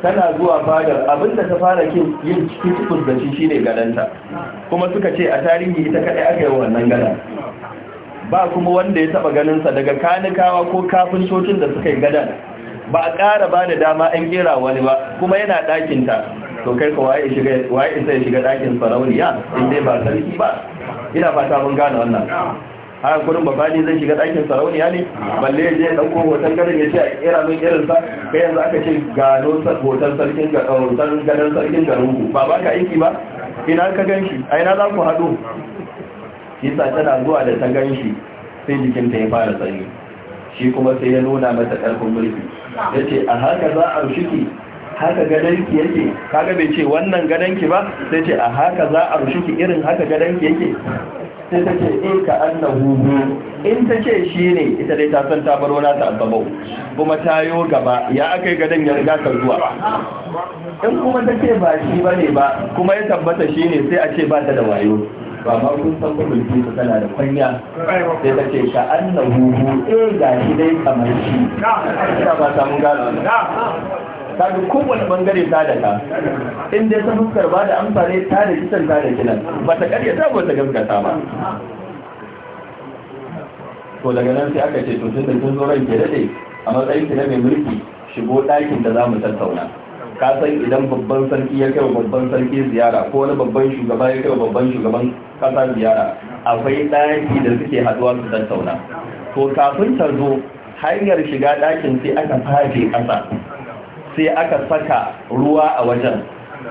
tana zuwa fadar abinda ta fara yin cikin cikin da shi shine gadanta kuma suka ce a tarihi ita kaɗai aka yi wannan gada ba kuma wanda ya taba ganinsa daga kanikawa ko kafin cocin da suka yi gadan ba a ƙara ba da dama an kera wani ba kuma yana ɗakinta to kai ka waye isa ya shiga ɗakin sarauniya in dai ba sarki ba ina fata mun gane wannan har kudin fadi zai shiga ɗakin sarauniya ne balle ya je ya ɗauko hoton garin ya ce a kera min sa kai yanzu aka ce gano hoton sarkin ganin sarkin garin ba ba ka aiki ba ina ka gan shi a ina za ku haɗu isa tana zuwa da ta gan shi sai jikinta ya fara tsayi shi kuma sai ya nuna mata ƙarfin mulki ya ce a haka za a rushiki haka gadanki yake kaga bai ce wannan gadanki ba sai ce a haka za a rushiki irin haka gadanki yake sai ta ce in eh, ka annahu in ta ce shi ne ita dai ta san tabaro na ta abbabau kuma ta yo gaba ya aka yi gadon ya riga ka zuwa
in kuma ta ce ba shi
ba ne ba kuma ya tabbata shi ne sai a ce ba ta da wayo ba ma kun san gudun su tana da kwanya sai ta ce ka an na huhu eh ga shi dai kamar shi ina ba samun gano ta ga kowane bangare ta da ta in dai ta fuskar ba da amsa ta da kisan ta da kinan ba ta ta ba ta gaskata ba to daga nan sai aka ce to tun da kun zo ran ke dade a matsayin ki na mai mulki shigo ɗakin da za mu tattauna ka san idan babban sarki ya kai babban sarki ziyara ko wani babban shugaba ya kai babban shugaban kasa ziyara akwai ɗaki da suke haduwa su tattauna to kafin ta zo hanyar shiga ɗakin sai aka fafe ƙasa sai aka saka ruwa a wajen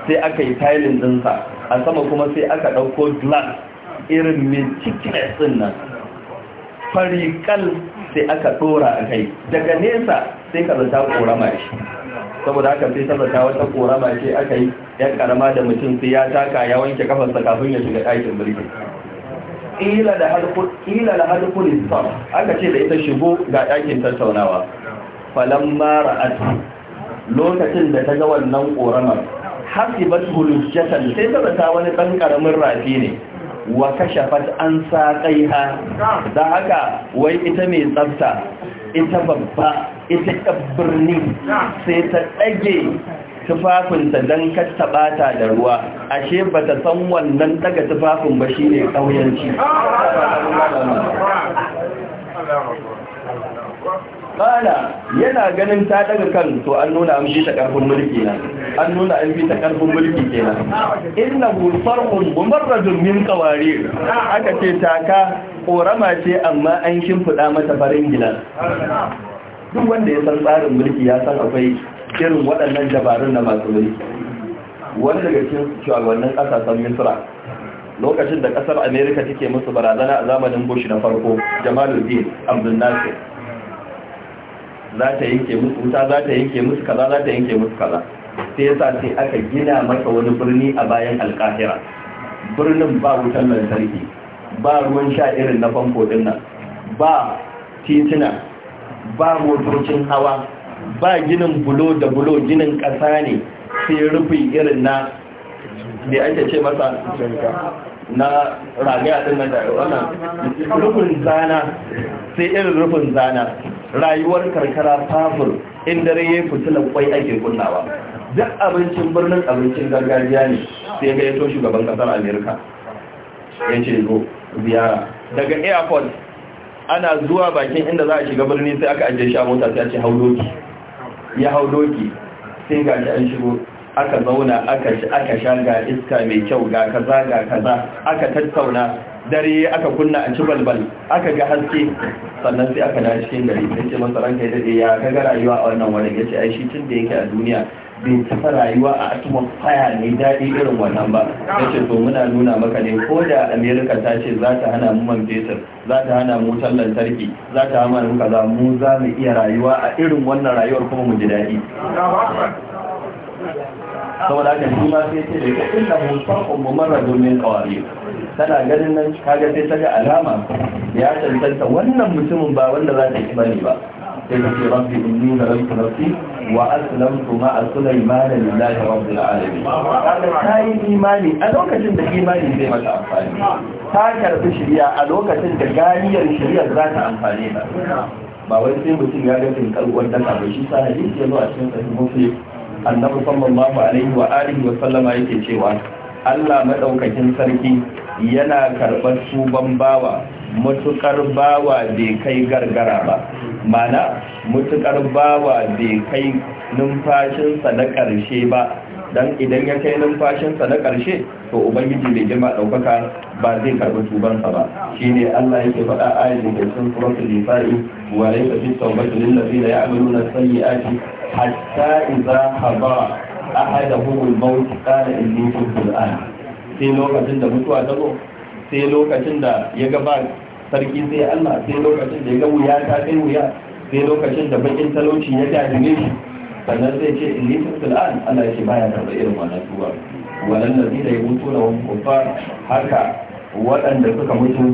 sai aka yi tailin ɗinsa a sama kuma sai aka ɗauko glass irin mai cikin ɗin nan farikal sai aka ɗora a kai daga nesa sai ka zata ƙorama shi saboda haka sai ta wata wata korama ce aka yi yan karama da mutum sai ya taka ya wanke kafarsa kafin ya shiga ɗakin
birki
ila da halku ila da ne sa aka ce da ita shigo ga ɗakin tattaunawa mara ra'at lokacin da ta ga wannan koramar hasibat hulujatan sai ta wani ɗan karamin rafi ne wa kashafat an saqaiha da haka wai ita mai tsafta ita babba ita ta birni sai ta ɗage tufafinta don kasta ɓata da ruwa ashe ba ta san wannan ɗaga tufafin ba shi ne ƙauyanci kala yana ganin ta daga kan to an nuna an bi ta karfin mulki na an nuna an bi ta karfin mulki kenan innahu farhun mumarradun min qawarir aka ce taka korama ce amma an shimfida mata farin gilas duk wanda ya san tsarin mulki ya san akwai irin waɗannan dabarun na masu mulki wani daga cikin shugabannin ƙasashen misra lokacin da ƙasar amerika take musu barazana a zamanin bush na farko jamaluddin abdul nasir za ta yanke musu wuta za ta yanke musu kaza za ta yanke musu kaza sai yasa sai aka gina masa wani birni a bayan alkahira birnin ba wutan lantarki ba ruwan sha irin na famfo din nan ba titina ba motocin hawa ba ginin bulo da bulo ginin ƙasa ne sai rufe irin na da ake ce masa na ragaya din nan da wannan rufin zana sai irin rufin zana rayuwar karkara tafur in dare ya yi fitilan kwai ake kunnawa duk abincin birnin abincin gargajiya ne sai ga yato shugaban kasar amerika ya ce zo ziyara daga airport ana zuwa bakin inda za a shiga birni sai aka ajiye shi a mota sai a ce hau doki ya hau doki sai ga shi an shigo aka zauna aka sha ga iska mai kyau ga kaza ga kaza aka tattauna dare aka kunna a ci balbal aka ga haske sannan sai aka dace cikin gari sai ce masa ranka ya dade ya kaga rayuwa a wannan wani yace ai shi tun da yake a duniya bai tafa rayuwa a faya ne daɗi irin wannan ba ya ce to muna nuna maka ne ko da amerika ta ce za ta hana mu man fetur za ta hana mu wutar lantarki za ta hana mu kaza mu za mu iya rayuwa a irin wannan rayuwar kuma mu ji daɗi
saboda kan shi ma sai ce da ka
inda hulfar umar domin kawari tana ganin nan kaga sai ta ga alama ya tantanta wannan mutumin ba wanda za ta ki bane ba sai ta ce rabbi inni zalamtu nafsi wa aslamtu ma'a sulaymana lillahi rabbil alamin ta yi imani a lokacin da imani zai mata amfani ta karbi shirya a lokacin da gariyar shiryar za ta amfane ba ba wai sai mutum ya ga tinkar wanda ka bai shi sa ya zo a cikin sahih muslim annabi sallallahu alaihi wa alihi wa sallama yake cewa Allah madaukakin sarki yana karɓar tuban bawa mutukar bawa bai kai gargara ba mana mutukar bawa bai kai numfashinsa na ƙarshe ba dan idan ya kai numfashinsa na ƙarshe to ubangiji bai jima daukaka ba zai karɓi sa ba shine Allah yake faɗa ayatin da cikin suratul nisa'i wa laysa fi tawbatin lil ladina ya'maluna sayyi'ati hatta idza haba ahadahu al-maut qala inni tubtu al sai lokacin da mutuwa ta zo sai lokacin da ya gaba sarki sai Allah sai lokacin da ya ga wuya ta kai wuya sai lokacin da bakin talauci ya dajire shi sannan sai ce inni tubtu al Allah ya ce baya karɓar irin wannan tuwa walan da ya mutu da wani kuffar haka waɗanda suka mutu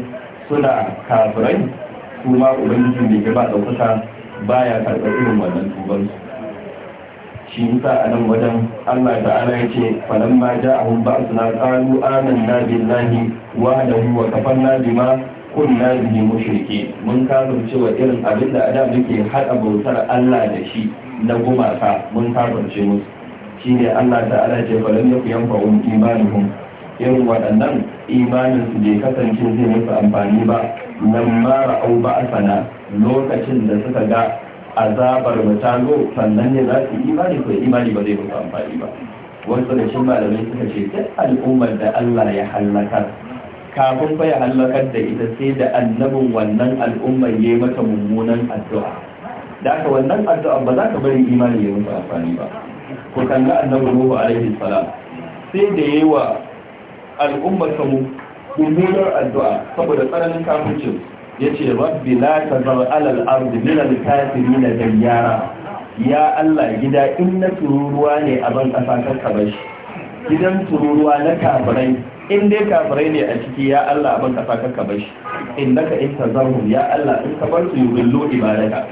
suna kafirai su ma ubangiji mai gaba ɗaukaka baya karɓar irin wannan tubansu shi isa a nan wajen Allah ta'ala ya ce falan ma a ja'ahum tsaru anan na billahi wahdahu wa na bima ne bihi shirke mun kafirce wa irin abin da adam yake hada bautar Allah da shi na gumaka mun ce musu ne Allah ta'ala ce falan yaku yanfa'um imanuhum irin waɗannan imanin su bai kasance zai musu amfani ba Nan mara au ba'asana lokacin da suka ga azabar mutano sannan ne za su imani ko imani ba zai musu amfani ba wasu da shi malamai suka ce duk al'ummar da Allah ya hallakar kafin fa ya hallakar da ita sai da annabin wannan al'ummar ya yi mata mummunan addu'a da aka wannan addu'a ba za ka bari imani ya musu amfani ba ku kalli annabi Nuhu alaihi salam sai da yayi wa al'ummar mummunar addu'a saboda tsananin kafircin yace rabbi la zama alal ardi min al kafirin dayyara ya Allah gida in na tururuwa ne a ban kasa kan ka shi. gidan tururuwa na kafirai in dai kafirai ne a ciki ya Allah a ban kasa kan ka bashi innaka in tazarhum ya Allah in ka bar yi yudillu ibadaka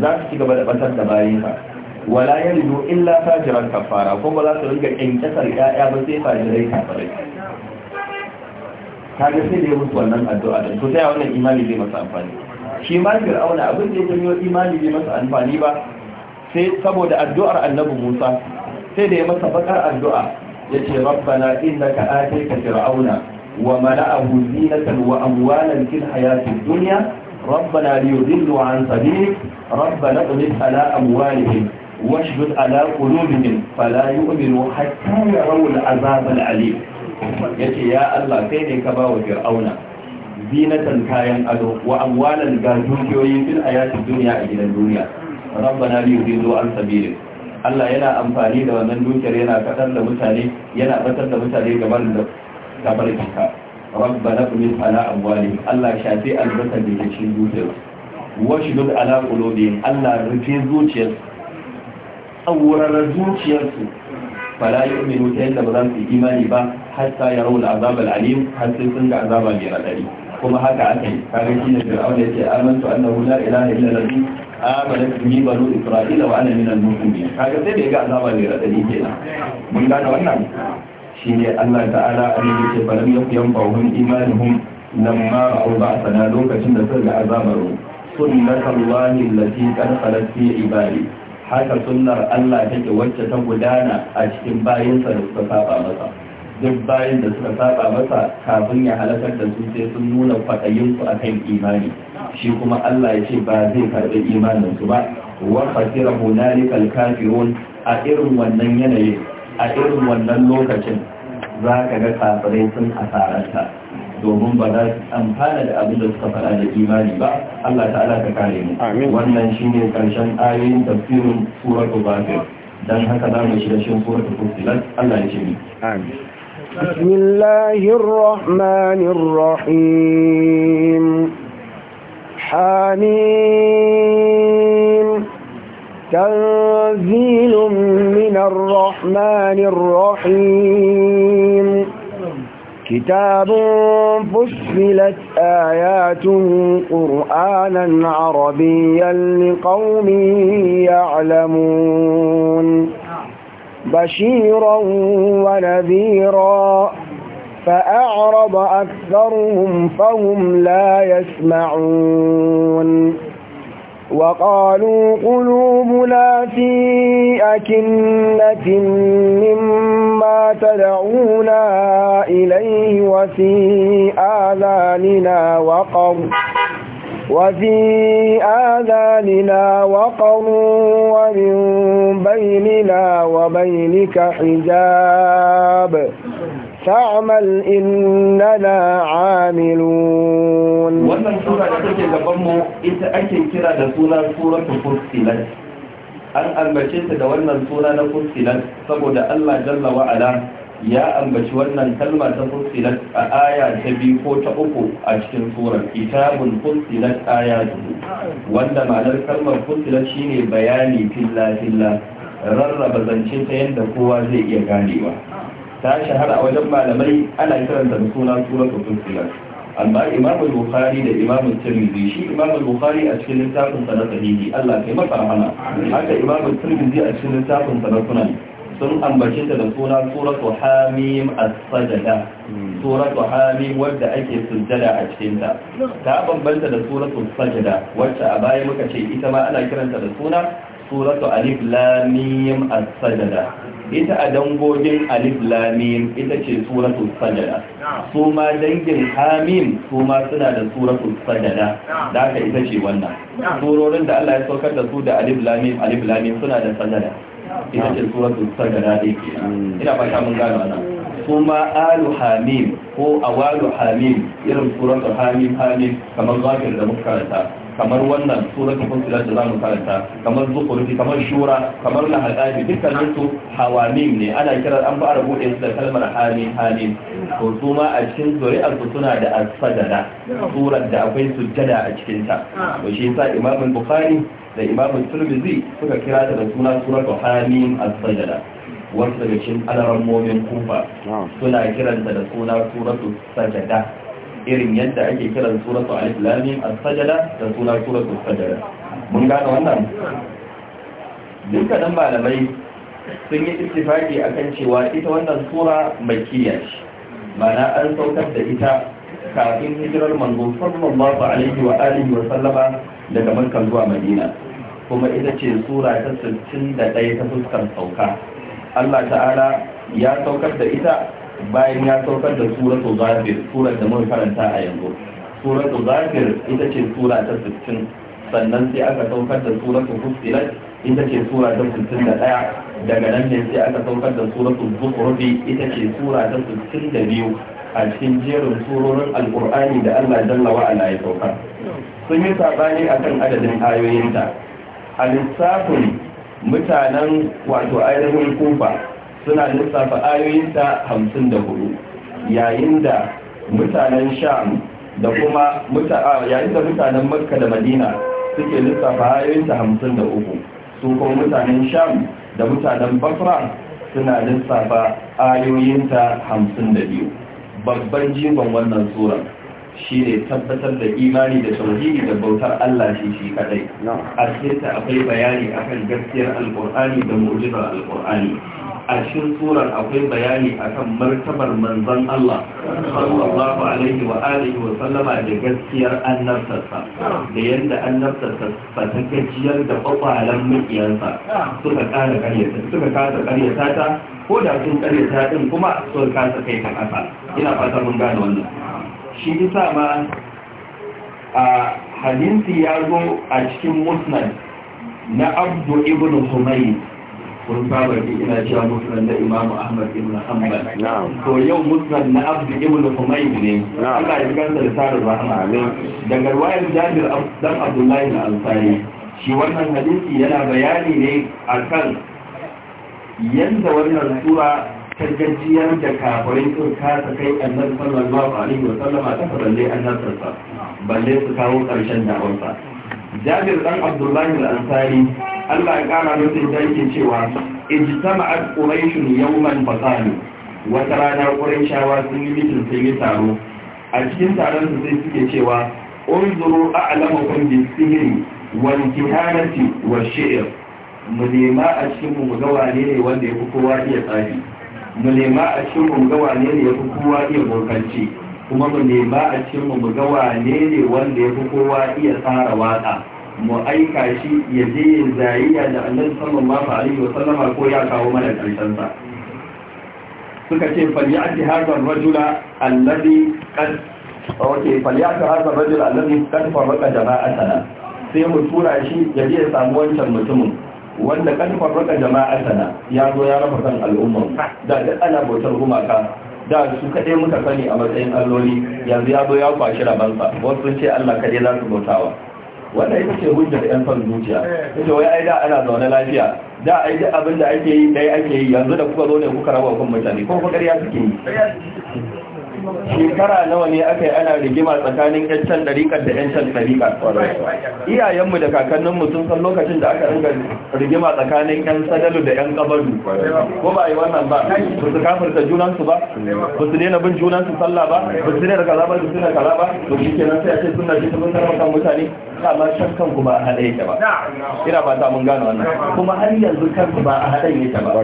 za su ci gaba da batar da bayinka wala yalidu illa fajiran kafara kuma za su ringa kyankyasar 'ya'ya ba sai fajirai kafirai kaga sai da ya mutu wannan addu'a da to sai wannan imani zai masa amfani shi ma fir'auna abin da ya janyo imani zai masa amfani ba sai saboda addu'ar annabi Musa sai da ya masa bakar addu'a ya yace rabbana innaka atayka fir'auna wa mala'ahu zinatan wa amwalan fil hayatid dunya ربنا ليضلوا عن سبيلك ربنا اغلب على أموالهم واشهد على قلوبهم فلا يؤمنوا حتى يروا العذاب العليم Ya ce, ya Allah kai ne ka ba wa fir'auna zinatan kayan ado wa amwalan ga dukiyoyi fil ayati duniya a gidan duniya rabbana li yuridu an sabilin Allah yana amfani da wannan dukiyar yana kadar da mutane yana batar da mutane gaban da tabarkinka rabbana qul ala amwali Allah shafi albarkar da cikin dukiyar washi duk ala qulubihim Allah rufe zuciyarsu tsawurar zuciyarsu fala yu'minu ta yadda ba za su imani ba hatta ya rauna azab al har sai sun ga azaba mai radari kuma haka aka yi kaga shi ne fir'auna yace amantu annahu la ilaha illa allazi amanat bihi banu isra'ila wa ana minal muslimin kaga sai da ga azaba mai radari kenan mun gane wannan shi ne Allah ta'ala an yi ce falam yaku yanfa'uhum imanuhum lamma ra'u ba'sana lokacin da suka ga azabar sunnatullahi allati qad khalat fi ibadi haka sunnar Allah take wacce ta gudana a cikin bayansa da suka saba masa duk bayan da suka saba masa kafin ya halakar da su sai sun nuna kwaɗayinsu a kan imani shi kuma Allah ya ce ba zai karɓi imaninsu ba wa fasira hunalikal kafirun a irin wannan yanayin a irin wannan lokacin za ka ga kafirai sun asararta domin ba za su amfana da abin da suka fara da imani ba Allah ta'ala ka kare mu wannan shine karshen ayoyin tafsirin suratul baqir dan haka za mu shiga cikin suratul fussilat Allah ya ce mu amin
بسم الله الرحمن الرحيم حميم تنزيل من الرحمن الرحيم كتاب فصلت آياته قرآنا عربيا لقوم يعلمون بشيرا ونذيرا فأعرض أكثرهم فهم لا يسمعون وقالوا قلوبنا في أكنة مما تدعونا إليه وفي آذاننا وقر وفي آذاننا وقر ومن بيننا وبينك حجاب فاعمل إننا عاملون wannan
sura da take gaban mu ita ake kira da suna suratul fussilat an ambace ta da wannan suna na fussilat saboda Allah jalla wa ala ya ambaci wannan kalma ta fussilat a aya ta biyu ko ta uku a cikin surar kitabun fussilat ayatu wanda ma'anar kalmar fussilat shine bayani filla filla rarraba zance ta yadda kowa zai iya ganewa ta shahara a wajen malamai ana kiranta da suna suratul fusilat amma imam al-bukhari da imam al-tirmidhi shi imam al-bukhari a cikin littafin sa na sahihi Allah kai masa rahama haka imam tirmidhi a cikin littafin sa na sunan sun ambace ta da suna suratu hamim as-sajda hmm. suratu hamim wadda ake sujjada a cikin ta ta bambanta da suratu sajada wacce a baya muka ce ita ma ana kiranta da suna suratu alif lam mim as sajada ita a dangogin alif lamim ita ce suratul sajada su ma dangin hamim su ma suna da suratul sajada da haka ita ce wannan surorin da Allah ya saukar da su da alif lamim suna da sajada ita ce suratul sajada dai ke hmm. ina fata mun gano wannan kuma alu hamim ko awalu hamim irin suratul hamim hamim kamar zafir da muka karanta kamar wannan suratul fusilat da zamu karanta kamar zukhrufi kamar shura kamar lahadabi dukkanin su hawamim ne ana kiran an fara buɗe su da kalmar hamim hamim to su ma a cikin zuri'ar su suna da as surar da akwai sujjada a cikin ta to shi yasa imam bukhari da imam tirmidhi suka kira ta da suna suratul hamim as wasu daga cikin alarammomin kufa suna kiranta da suna suratul sajada irin yadda ake kiran suratu alif lamim as Sajada da suna suratu Sajada.
mun gane wannan
dukkanin malamai sun yi ittifaki akan cewa ita wannan sura makkiya ce mana an saukar da ita kafin hijirar manzo sallallahu alaihi wa alihi wa sallama daga makka zuwa madina kuma ita ce sura ta 61 ta fuskar sauka Allah ta'ala ya saukar da ita bayan ya saukar da suratul zafir surar da mun karanta a yanzu suratul zafir ita ce sura ta 60 sannan sai aka saukar da suratul fusilat ita ce sura ta 61 daga nan ne sai aka saukar da suratul zukhrufi ita ce sura ta 62 a cikin jerin surorin alqur'ani da Allah jalla wa ala ya saukar sun yi sabani akan adadin ayoyinta a lissafin mutanen wato ainihin kufa suna lissafa ayoyinsa hamsin da hudu yayin da mutanen sham da kuma yayin da mutanen makka da madina suke lissafa ayoyinsa hamsin da uku su kuma mutanen sham da mutanen basra suna lissafa ayoyinta hamsin da biyu babban jigon wannan tsoron shi ne tabbatar da imani da tauhidi da bautar Allah shi shi kadai a ta akwai bayani akan gaskiyar alkur'ani da mu'jizar alkur'ani a cikin surar akwai bayani akan martabar manzon Allah sallallahu alaihi wa alihi wa sallama da gaskiyar annabtarsa da yadda annabtarsa ba ta gajiyar da kwakwalan makiyansa suka kara karyata suka kasa karyata ta ko da sun karyata din kuma suka kasa kai ta kasa ina fata mun gane wannan shi isa ma a hadisi ya zo a cikin musnad na abdu ibn humayd kun saba ki ina cewa musnad na imamu ahmad ibn hanbal to yau musnad na abd ibn humayd ne Allah ya kansa da tarar rahama daga riwayar jabir dan abdullahi al-ansari shi wannan hadisi yana bayani ne akan yanda wannan sura ta gajiyar da kafarin sun kasa kai annabi sallallahu alaihi wa sallama ta balle annabtarsa balle su kawo karshen da'awarsa jabir dan abdullahi al-ansari Allah ya kara masa da yake cewa ijtama'at quraish yawman fasalu wata rana quraishawa sun yi mitin sai ya taro a cikin taron su sai suke cewa unzuru kun bi sihri wa kihanati wa shir mu nema a cikin mu ga wane ne wanda ya fi kowa iya tsafi mu nema a cikin mu ga wane ne ya fi kowa iya bokanci kuma mu nema a cikin mu mu ga wane ne wanda ya fi kowa iya tsara waka mu aika shi ya je ya zayiya da annabi sallallahu alaihi wa sallama ko ya kawo mana karshen sa suka ce falyati hadha ar-rajula alladhi qad okay falyati hadha ar-rajula alladhi qad farraqa jama'atana sai mu tura shi ya je ya samu wancan mutumin wanda kan farraka jama'atana ya zo ya raba kan al'umma da da ana bautar gumaka da su kaɗai muka sani a matsayin alloli yanzu ya zo ya kwashi rabansa wasu sun ce allah kaɗai za su bautawa wanda ita ce hujjar yan son zuciya ita wai ai da ana zaune lafiya da ai duk abin da ake yi dai ake yi yanzu da kuka zo ne kuka raba kun mutane ko kuka ƙarya suke yi shekara nawa ne aka yi ana rigima tsakanin yancan ɗariƙar da yancan ɗariƙar iyayenmu da kakanninmu sun san lokacin da aka ringa rigima tsakanin yan sadalu da yan kabaru ko ba a yi wannan ba ba su kafirta junansu ba ba su daina bin junansu sallah ba ba su daina kaza ba su daina kaza ba to shi kenan sai a ce suna shi sun karɓa kan mutane dama shakkan ku ba a haɗe yake ba ina ba ta mun gane wannan kuma har yanzu kan ba a haɗe yake ba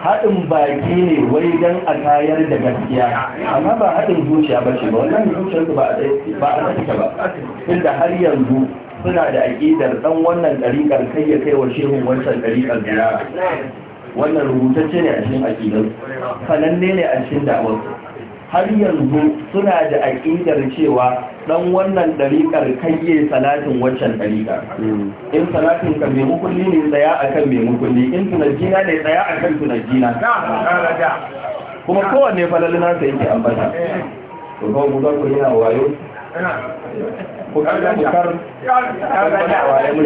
haɗin baki ne wai dan a kayar da gaskiya amma ba ba haɗin zuciya ba ce ba wannan zuciyarsu ba a ta ba Inda har yanzu suna da aƙidar ɗan wannan ɗariƙar kai ya kai wa shehun wancan ɗariƙar ziyara wannan rubutacce ne a cikin aƙidar sananne ne a cikin damar har yanzu suna da aƙidar cewa ɗan wannan ɗariƙar kai ya salatin wancan ɗariƙar in salatin ka mai mukulli ne tsaya a kan mai mukulli in tunajina ne tsaya a kan tunajina kuma kowane falalli na sa yake ambata to ba ku ga ku yana wayo
ku ka ga bukar ka ga da waye mu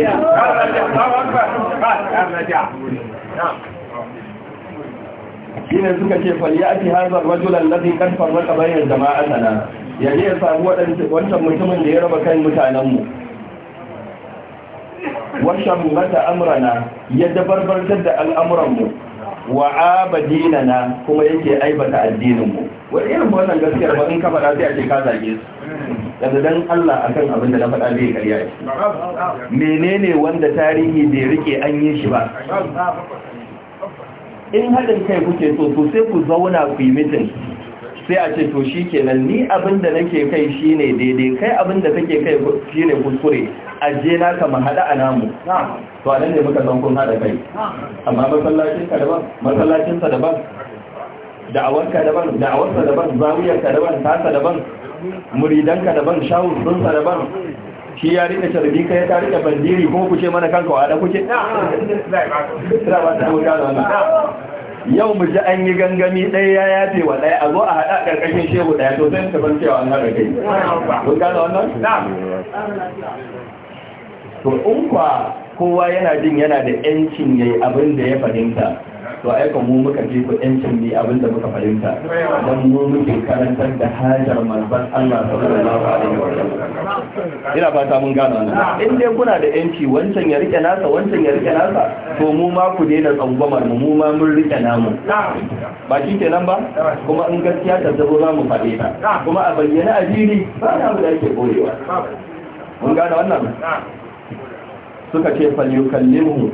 shine suka ce falyati
hadha ar-rajul alladhi qad farraqa bayna jama'atana yaje ya samu wancan mutumin da ya raba kan mutanen mu washan mata amrana ya dabarbartar da al'amuran mu wa abadina na kuma yake aibata addinin mu wani irin wannan gaskiyar ba in ka faɗa sai a ce ka zage su yanzu dan Allah akan abin da na faɗa zai karya shi menene wanda tarihi bai rike an yi shi ba in haɗin kai kuke so to sai ku zauna ku yi mitin sai a ce to shi kenan ni abin da nake kai shi ne daidai kai abin da kake kai shi ne kuskure aje na kama hada a namu to a nan ne muka san kun haɗa kai amma masallacinka daban masallacinsa daban da'awarka daban da'awarsa daban zawiyarka daban tasa daban muridanka daban shawursunsa daban shi ya rika sharbi kai ta rika bandiri kuma ku ce mana kanka wa da kuke da ba ta wuta yau mu ji an yi gangami ɗaya ya yafe wa ɗaya a zo a haɗa ƙarƙashin shehu ɗaya to sai ta ban cewa an haɗa kai kun gane wannan na to in kwa kowa yana jin yana da yancin yayi abin da ya fahimta to ai kan mu muka fi ku yancin ne abinda muka fahimta dan mu muke karantar da hajar manzon Allah sallallahu alaihi wa
sallam ina fata mun gano nan
in dai kuna da yanci wancan ya rike nasa wancan ya rike nasa to mu ma ku daina tsangwamar mu mu ma mun rike namu ba shi kenan ba kuma in gaskiya ta zabo za mu faɗe ta kuma a bayyana a fili ba na mu da yake mun gano wannan suka ce yukallimu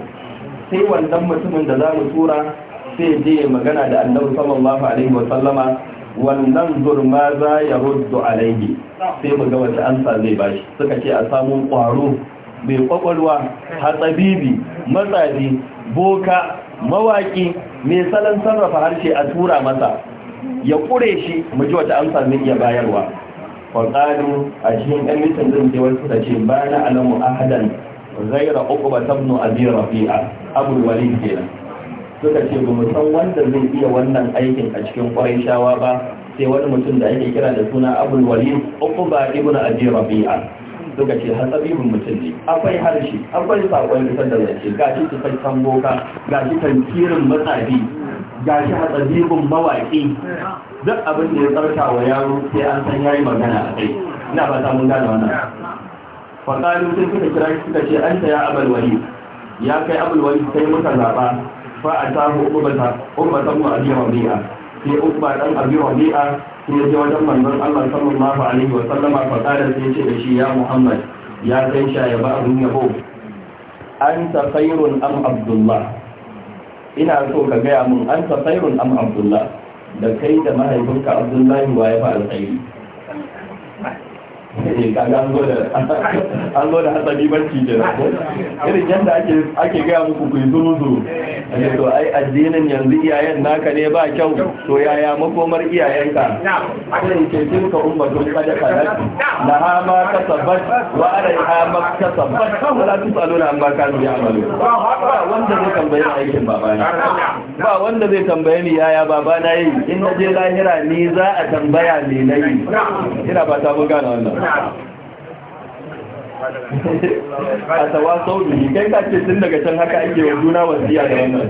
sai wannan mutumin da za mu tura sai je magana da annabi sallallahu alaihi wa sallama wannan zurma za ya ruddu alaihi sai mu ga wata ansa zai bashi suka ce a samu kwaro mai kwakwalwa hatsabibi matsaji boka mawaki mai salon sarrafa harshe a tura masa ya kure shi mu ji wata amsa zai iya bayarwa faƙalu a cikin ɗan mitin zai wasu da ce ba na alamu ahadan ghaira uqba ibn abi rafi'a abu walid kenan suka ce ba mu san wanda zai iya wannan aikin a cikin quraishawa ba sai wani mutum da ake kira da suna abu walid uqba ibn abi rafi'a suka ce har tsabibin mutum ne akwai harshe akwai sakon fitar da zance ga shi su cikakken boka ga shi tankirin matsafi ga shi hatsabibin mawaƙi duk abin da ya tsarka wa yaro sai an san ya yi magana a kai ina ba ta mun gane wannan faƙalu sai suka kira suka ce an ya abal wali ya kai abul wali sai muka zaɓa fa a samu ubbatan mu abi rabi'a sai ubba dan abi rabi'a sai ya je wajen manzon Allah sallallahu alaihi wa sallama faƙala sai ce da shi ya Muhammad ya kai sha ya ba abin yabo anta khairun am abdullah ina so ka gaya mun anta khairun am abdullah da kai da mahaifinka abdullahi wa ya fa alkhairi Eh, an zo da hatsari barci da irin yadda ake gaya muku ku yi zuzu eh. to ai addinin yanzu iyayen naka ne ba kyau to yaya makomar iyayenka irin ke tilka ummatun kada kalat na ha ma kasabat wa ala ha ma kasabat wala tusaluna amma kanu ya'malu ba wanda zai tambaye aikin babana ba wanda zai tambaye ni yaya babana yi in na je lahira ni za a tambaya ne nayi ina ba ta mun gane wannan
a
tawa sauri kai ka ce tun daga can haka ake wa juna wasiya da wannan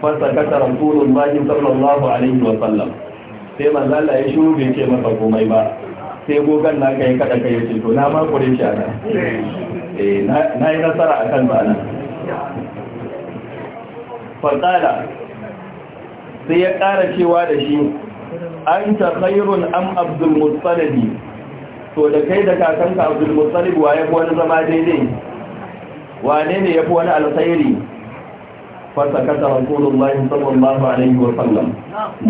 fasa kasar rasulun bahi sallallahu alaihi wa sallam sai manzala ya shiru bai ce masa komai ba sai gogan na kai kada kai ce to na ma kure shi ana eh na yi nasara akan ba nan fadala sai ya ƙara cewa da shi an ta khairun am abdul mutsalibi to da kai da kakanka abdul mutsalibi wa ya fi wani zama daidai wane ne ya fi wani alkhairi فسكت رسول الله صلى الله عليه وسلم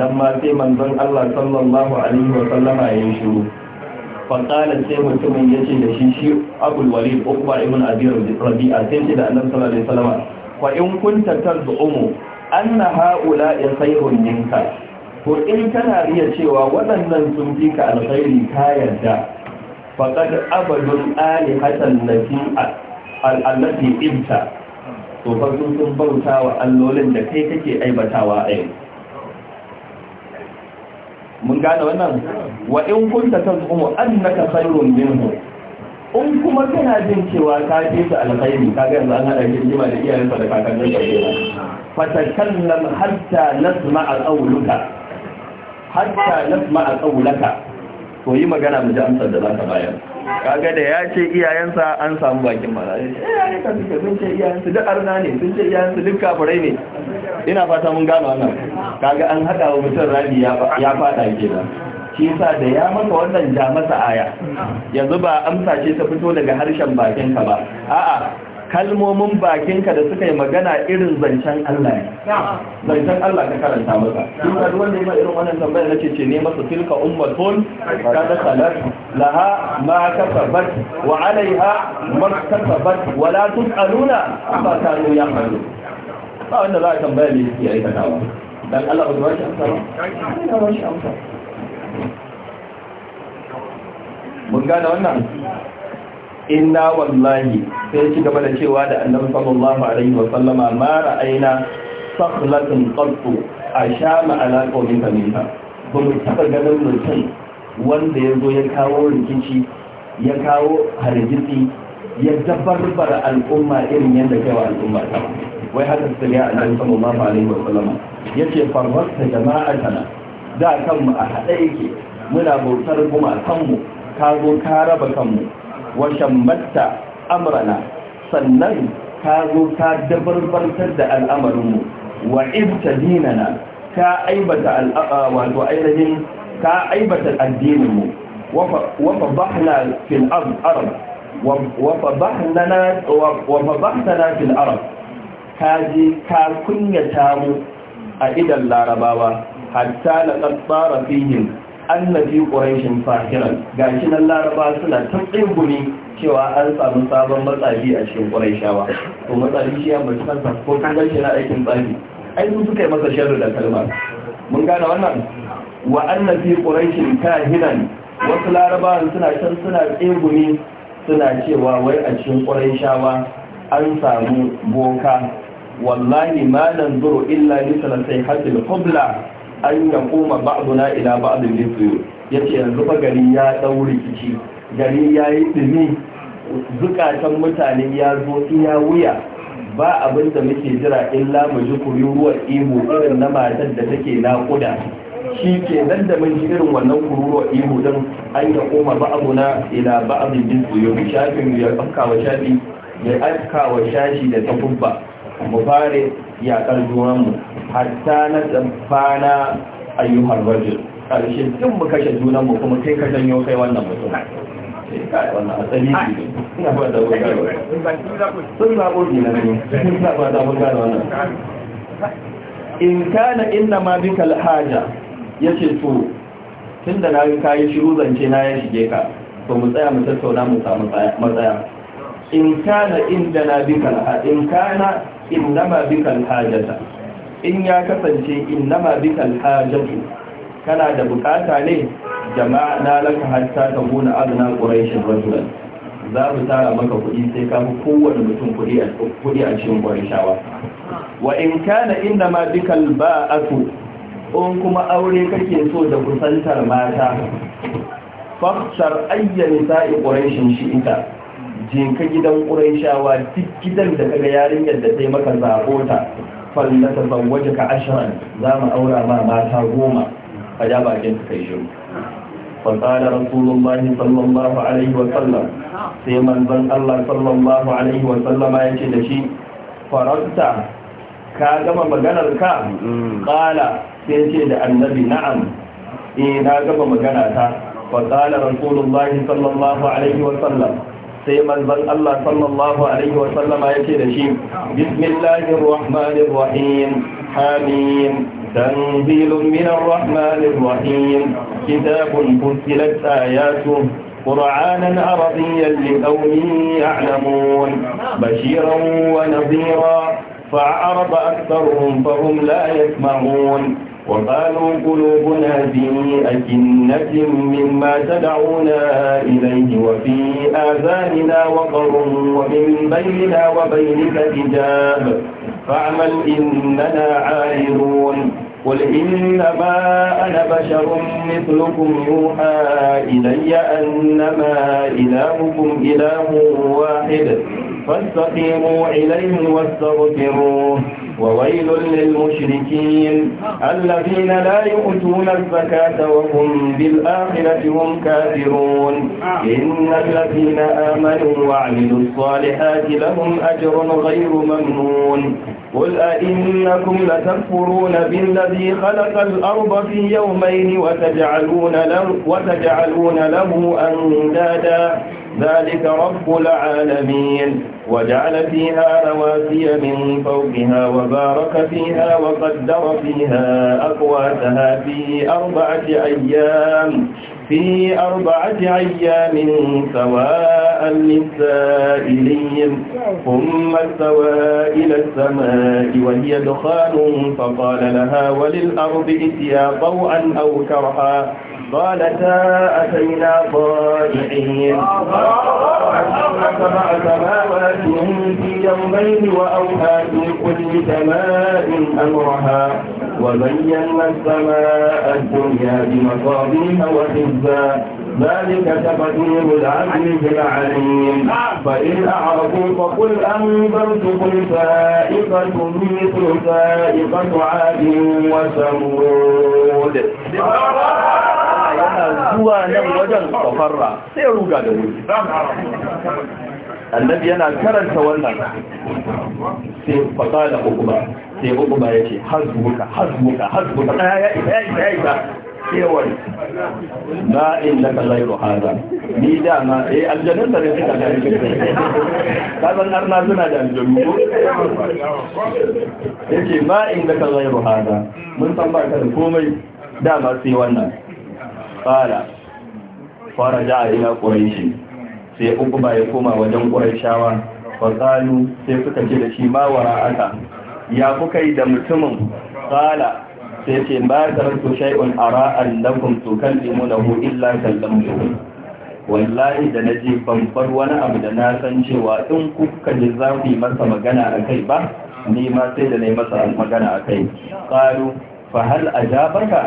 لما في منزل الله صلى الله عليه وسلم ينشر فقال سيم mutumin yace da shi shi Abu Walid Uqba ibn Abi Rabi'a sai ce da Annabi sallallahu alaihi wasallam fa in kunta tazumu anna haula khairun minka Ko in kana iya cewa waɗannan sun fi ka alkhairi ka yarda faqad abadul alihatan lati allati ibta to fa sun bauta wa allolin da kai kake aibatawa a mun gane wannan wa in kunta tazumu annaka khairun minhu in kuma kana jin cewa ka fi su alkhairi ka ga yanzu an hada shi jima da iyayensa da kakannin ka kenan fatakallam hatta nasma'a qawluka hatta nasma a tsawulaka to yi magana mu ji amsar da za ka bayar kaga da ya ce iyayensa an samu bakin mara ya ce eh, sun ce iyayensu duk arna ne sun ce iyayensu duk kafirai ne ina fata mun gano wannan kaga an haɗa wa mutum rami ya fada gida. shi yasa da ya maka wannan ja masa aya yanzu ba amsa ce ta fito daga harshen bakinka ba a'a kalmomin bakinka da suka yi magana irin zancen Allah ne zancen Allah ka karanta masa in ka duwan da yi irin wannan tambaya na ce ne masa tilka ummatun ka da salat laha ma kasabat wa alaiha ma kasabat wa la tus'aluna amma ya ya'malu ba wanda za a tambaya ne yi aikata ba dan Allah ba ba shi amsa ba ba mun gane wannan inna wallahi sai ya ci gaba da cewa da annabi sallallahu alaihi wa sallama ma ra'ayna sakhlatin qattu ashama ala qawmin kamila ba mu taba ganin mutum wanda ya zo ya kawo rikici ya kawo hargitsi ya dabarbar al'umma irin yadda kai wa al'umma ta wai haka su ya annabi sallallahu alaihi wa sallama yace farwasta jama'atana da kanmu a haɗe yake muna bautar kuma kanmu ka zo ka raba kanmu wa shammatta amrana sannan ka zo ka dabarbantar da al'amarinmu wa ibta dinana ka aibata wato ainihin ka aibata addininmu wafa fa bahna fil arab wa fa fil arab ka je ka kunyata mu a idan larabawa hatta na tsara fihim annabi ƙuraishin fahiran ga shi nan laraba suna ta tsibiri cewa an samu sabon matsabi a cikin ƙuraishawa to matsabi shi ya mace kansa ko kan gashi na aikin tsafi ai su suka yi masa sharri da kalma mun gane wannan wa annabi ƙuraishin kahinan wasu laraba suna can suna tsibiri suna cewa wai a cikin ƙuraishawa an samu boka wallahi ma nan zuru illa ni sai hasil qubla an yankoma ba'duna ila ba'din Ya ce yanzu fa gari ya daure kici gari ya yi dumi zukatan mutane ya zo iya wuya ba abin da muke jira illa mu ji kururuwar ihu irin na matar da take naƙuda shi ke nan da mun ji irin wannan kururuwar ihu din an ya koma ba'abuna ila ba'abin bin tsoyobi shafin ya wa shafi ya wa shashi da ta kubba. mu fare yaƙar mu hatta na tsamfana ayyuhar rajul ƙarshe tun mu kashe junan mu kuma kai ka janyo kai wannan mutum In asali na ba da bugarwa sun zaɓo ne da in kana ma to na yi kayi shiru zance na ya shige ka to mu tsaya mu tattauna mu samu matsaya in kana inda na bi kalhaja in kana ma in ya kasance ma bikal hajatu kana da bukata ne jama'a na laka hatta ta gona azna quraishin rajulan za mu tara maka kuɗi sai ka fi kowane mutum kuɗi a cikin quraishawa wa in kana ma bikal kalba'atu in kuma aure kake so da kusantar mata fakhsar ayya nisa'i quraishin shi ita, ka gidan quraishawa duk gidan da kaga yarinyar da sai maka zabota fallata zawwaje ka ashirin za mu aura ma mata goma a jabakin ta kai shiru fasada rasulun bani sallallahu alaihi wasallam sai manzan allah sallallahu alaihi wasallam ya ce da shi faranta ka gama maganar ka kala mm-hmm. sai ce da annabi na'am eh na gama magana ta fasada rasulun bani sallallahu alaihi wasallam sai manzon Allah sallallahu alaihi wa sallama yake da shi bismillahir rahmanir rahim hamim tanzilun minar rahmanir rahim kitabun fusilat ayatu قرآنا عربيا لقوم يعلمون بشيرا ونذيرا فأعرض أكثرهم فهم لا يسمعون وقالوا قلوبنا في أكنة مما تدعونا إليه وفي آذاننا وقر ومن بيننا وبينك حجاب فاعمل إننا عارضون قل إنما أنا بشر مثلكم يوحى إلي أنما إلهكم إله واحد فاستقيموا إليه واستغفروه وويل للمشركين الذين لا يؤتون الزكاة وهم بالآخرة هم كافرون إن الذين آمنوا وعملوا الصالحات لهم أجر غير ممنون قل أئنكم لتكفرون بالذي خلق الأرض في يومين وتجعلون له, وتجعلون له أندادا ذلك رب العالمين وجعل فيها رواسي من فوقها وبارك فيها وقدر فيها أقواتها في أربعة أيام في أربعة أيام سواء للسائلين ثم استوى إلى السماء وهي دخان فقال لها وللأرض اتيا طوعا أو كرها قالتا
أتينا طائعين سبع سماوات في يومين وأوحى في كل سماء أمرها
وبينا السماء الدنيا بمصابيح وحزبا
ذلك تقدير العزيز العليم فإن أعرضوا فقل أنذرتكم سائقة مثل سائقة عاد وثمود zuwa nan
wajen kafarra sai ruga da wuri annabi yana karanta wannan sai fasa da hukuma sai hukuma ya ce hasbuka hasbuka hasbuka ya isa ya isa kewar na inda ka zai ruhada
ni da na eh aljanun da ne suka gani ka san
na suna da aljanu
ko yake
ma inda ka zai ruhada mun san ba ka da komai dama sai wannan fara fara ja ila quraishi sai uku ba ya koma wajen quraishawa fa qalu sai suka ce da shi ma wara'ata ya kuka yi da mutumin qala sai ce ba ya taraktu shay'un ara'an lakum tukallimunahu illa kallamtuhu wallahi da naje ban bar wani abu da na san cewa in kuka ji za ku yi masa magana a kai ba ni ma sai da na yi masa magana a kai. qalu fa hal ajabaka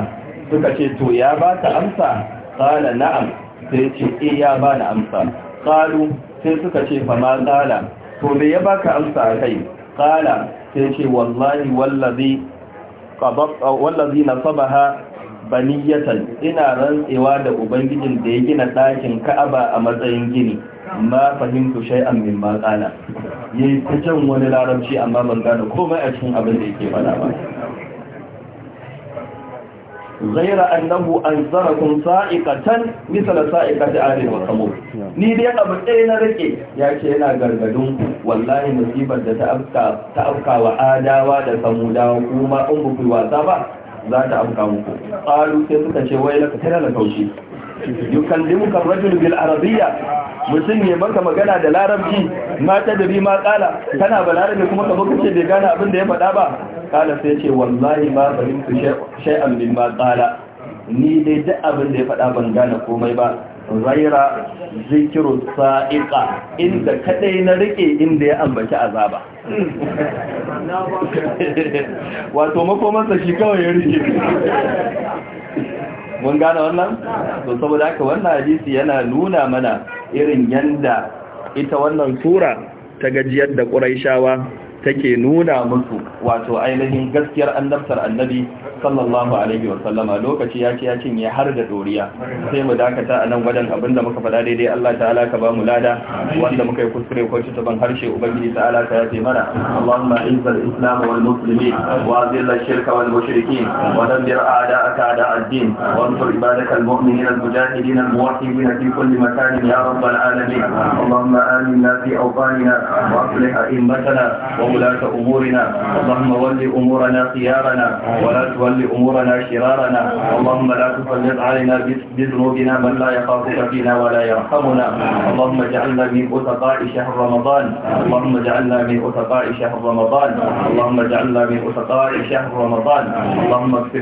suka ce to ya ba ta amsa Ƙala, na'am sai ce e eh, ya ba na amsa qalu sai suka ce fa ma ƙala. to me ya baka amsa a kai? Ƙala, sai ce wallahi wallazi wallazi na sabaha baniyatan ina rantsewa da ubangijin da ya gina dakin ka'aba a matsayin gini ma fahimtu shay'an min ma qala yayi ta jan wani larabci amma ban gane komai a cikin abin da yake faɗa ba غير أنه أنزركم سائقة مثل سائقة آل وثمود ni dai abu ɗaya na rike ya ce yana gargadin wallahi musibar da ta afka wa adawa da samudawa kuma in ba wasa ba za ta afka muku ƙalu sai suka ce wai laka tana da kaushi yukallimuka rajul bil arabiyya mutum ne maka magana da larabci mata da bi ma kala kana ba kuma ka baka ce bai gane abin da ya faɗa ba kala sai ce wallahi ma fahimtu shay'an min ma kala ni dai duk abin da ya faɗa ban gane komai ba zaira zikru sa'iqa inda kadai na rike inda ya ambaci azaba wato makomansa shi kawai ya rike
mun gane wannan to saboda haka wannan
hadisi yana nuna mana irin yanda ita wannan sura ta gajiyar da ƙuraishawa take nuna musu wato ainihin gaskiyar annabtar annabi sallallahu alaihi wa sallama lokaci ya ce ya cinye har da doriya sai mu dakata a nan wajen abinda muka faɗa daidai Allah ta'ala ka ba mu lada wanda muka yi kuskure ko ci taban harshe ubangiji ta'ala ka yafe mana Allahumma izzal islam wal muslimin wa azil shirka wal mushrikin wa dabbir a'da'aka a'da'ad-din wa ansur ibadaka al mu'minin al mujahidin al muwahhidin fi kulli makan ya rabbal alamin Allahumma amin fi awqanina wa aslih a'immatana وولاة أمورنا اللهم ولي أمورنا خيارنا ولا تولي أمورنا شرارنا اللهم لا تسلط علينا بذنوبنا من لا يخافك فينا ولا يرحمنا اللهم اجعلنا من أتقاء شهر رمضان اللهم
اجعلنا من أتقاء شهر رمضان اللهم اجعلنا من أتقاء شهر رمضان اللهم اكفر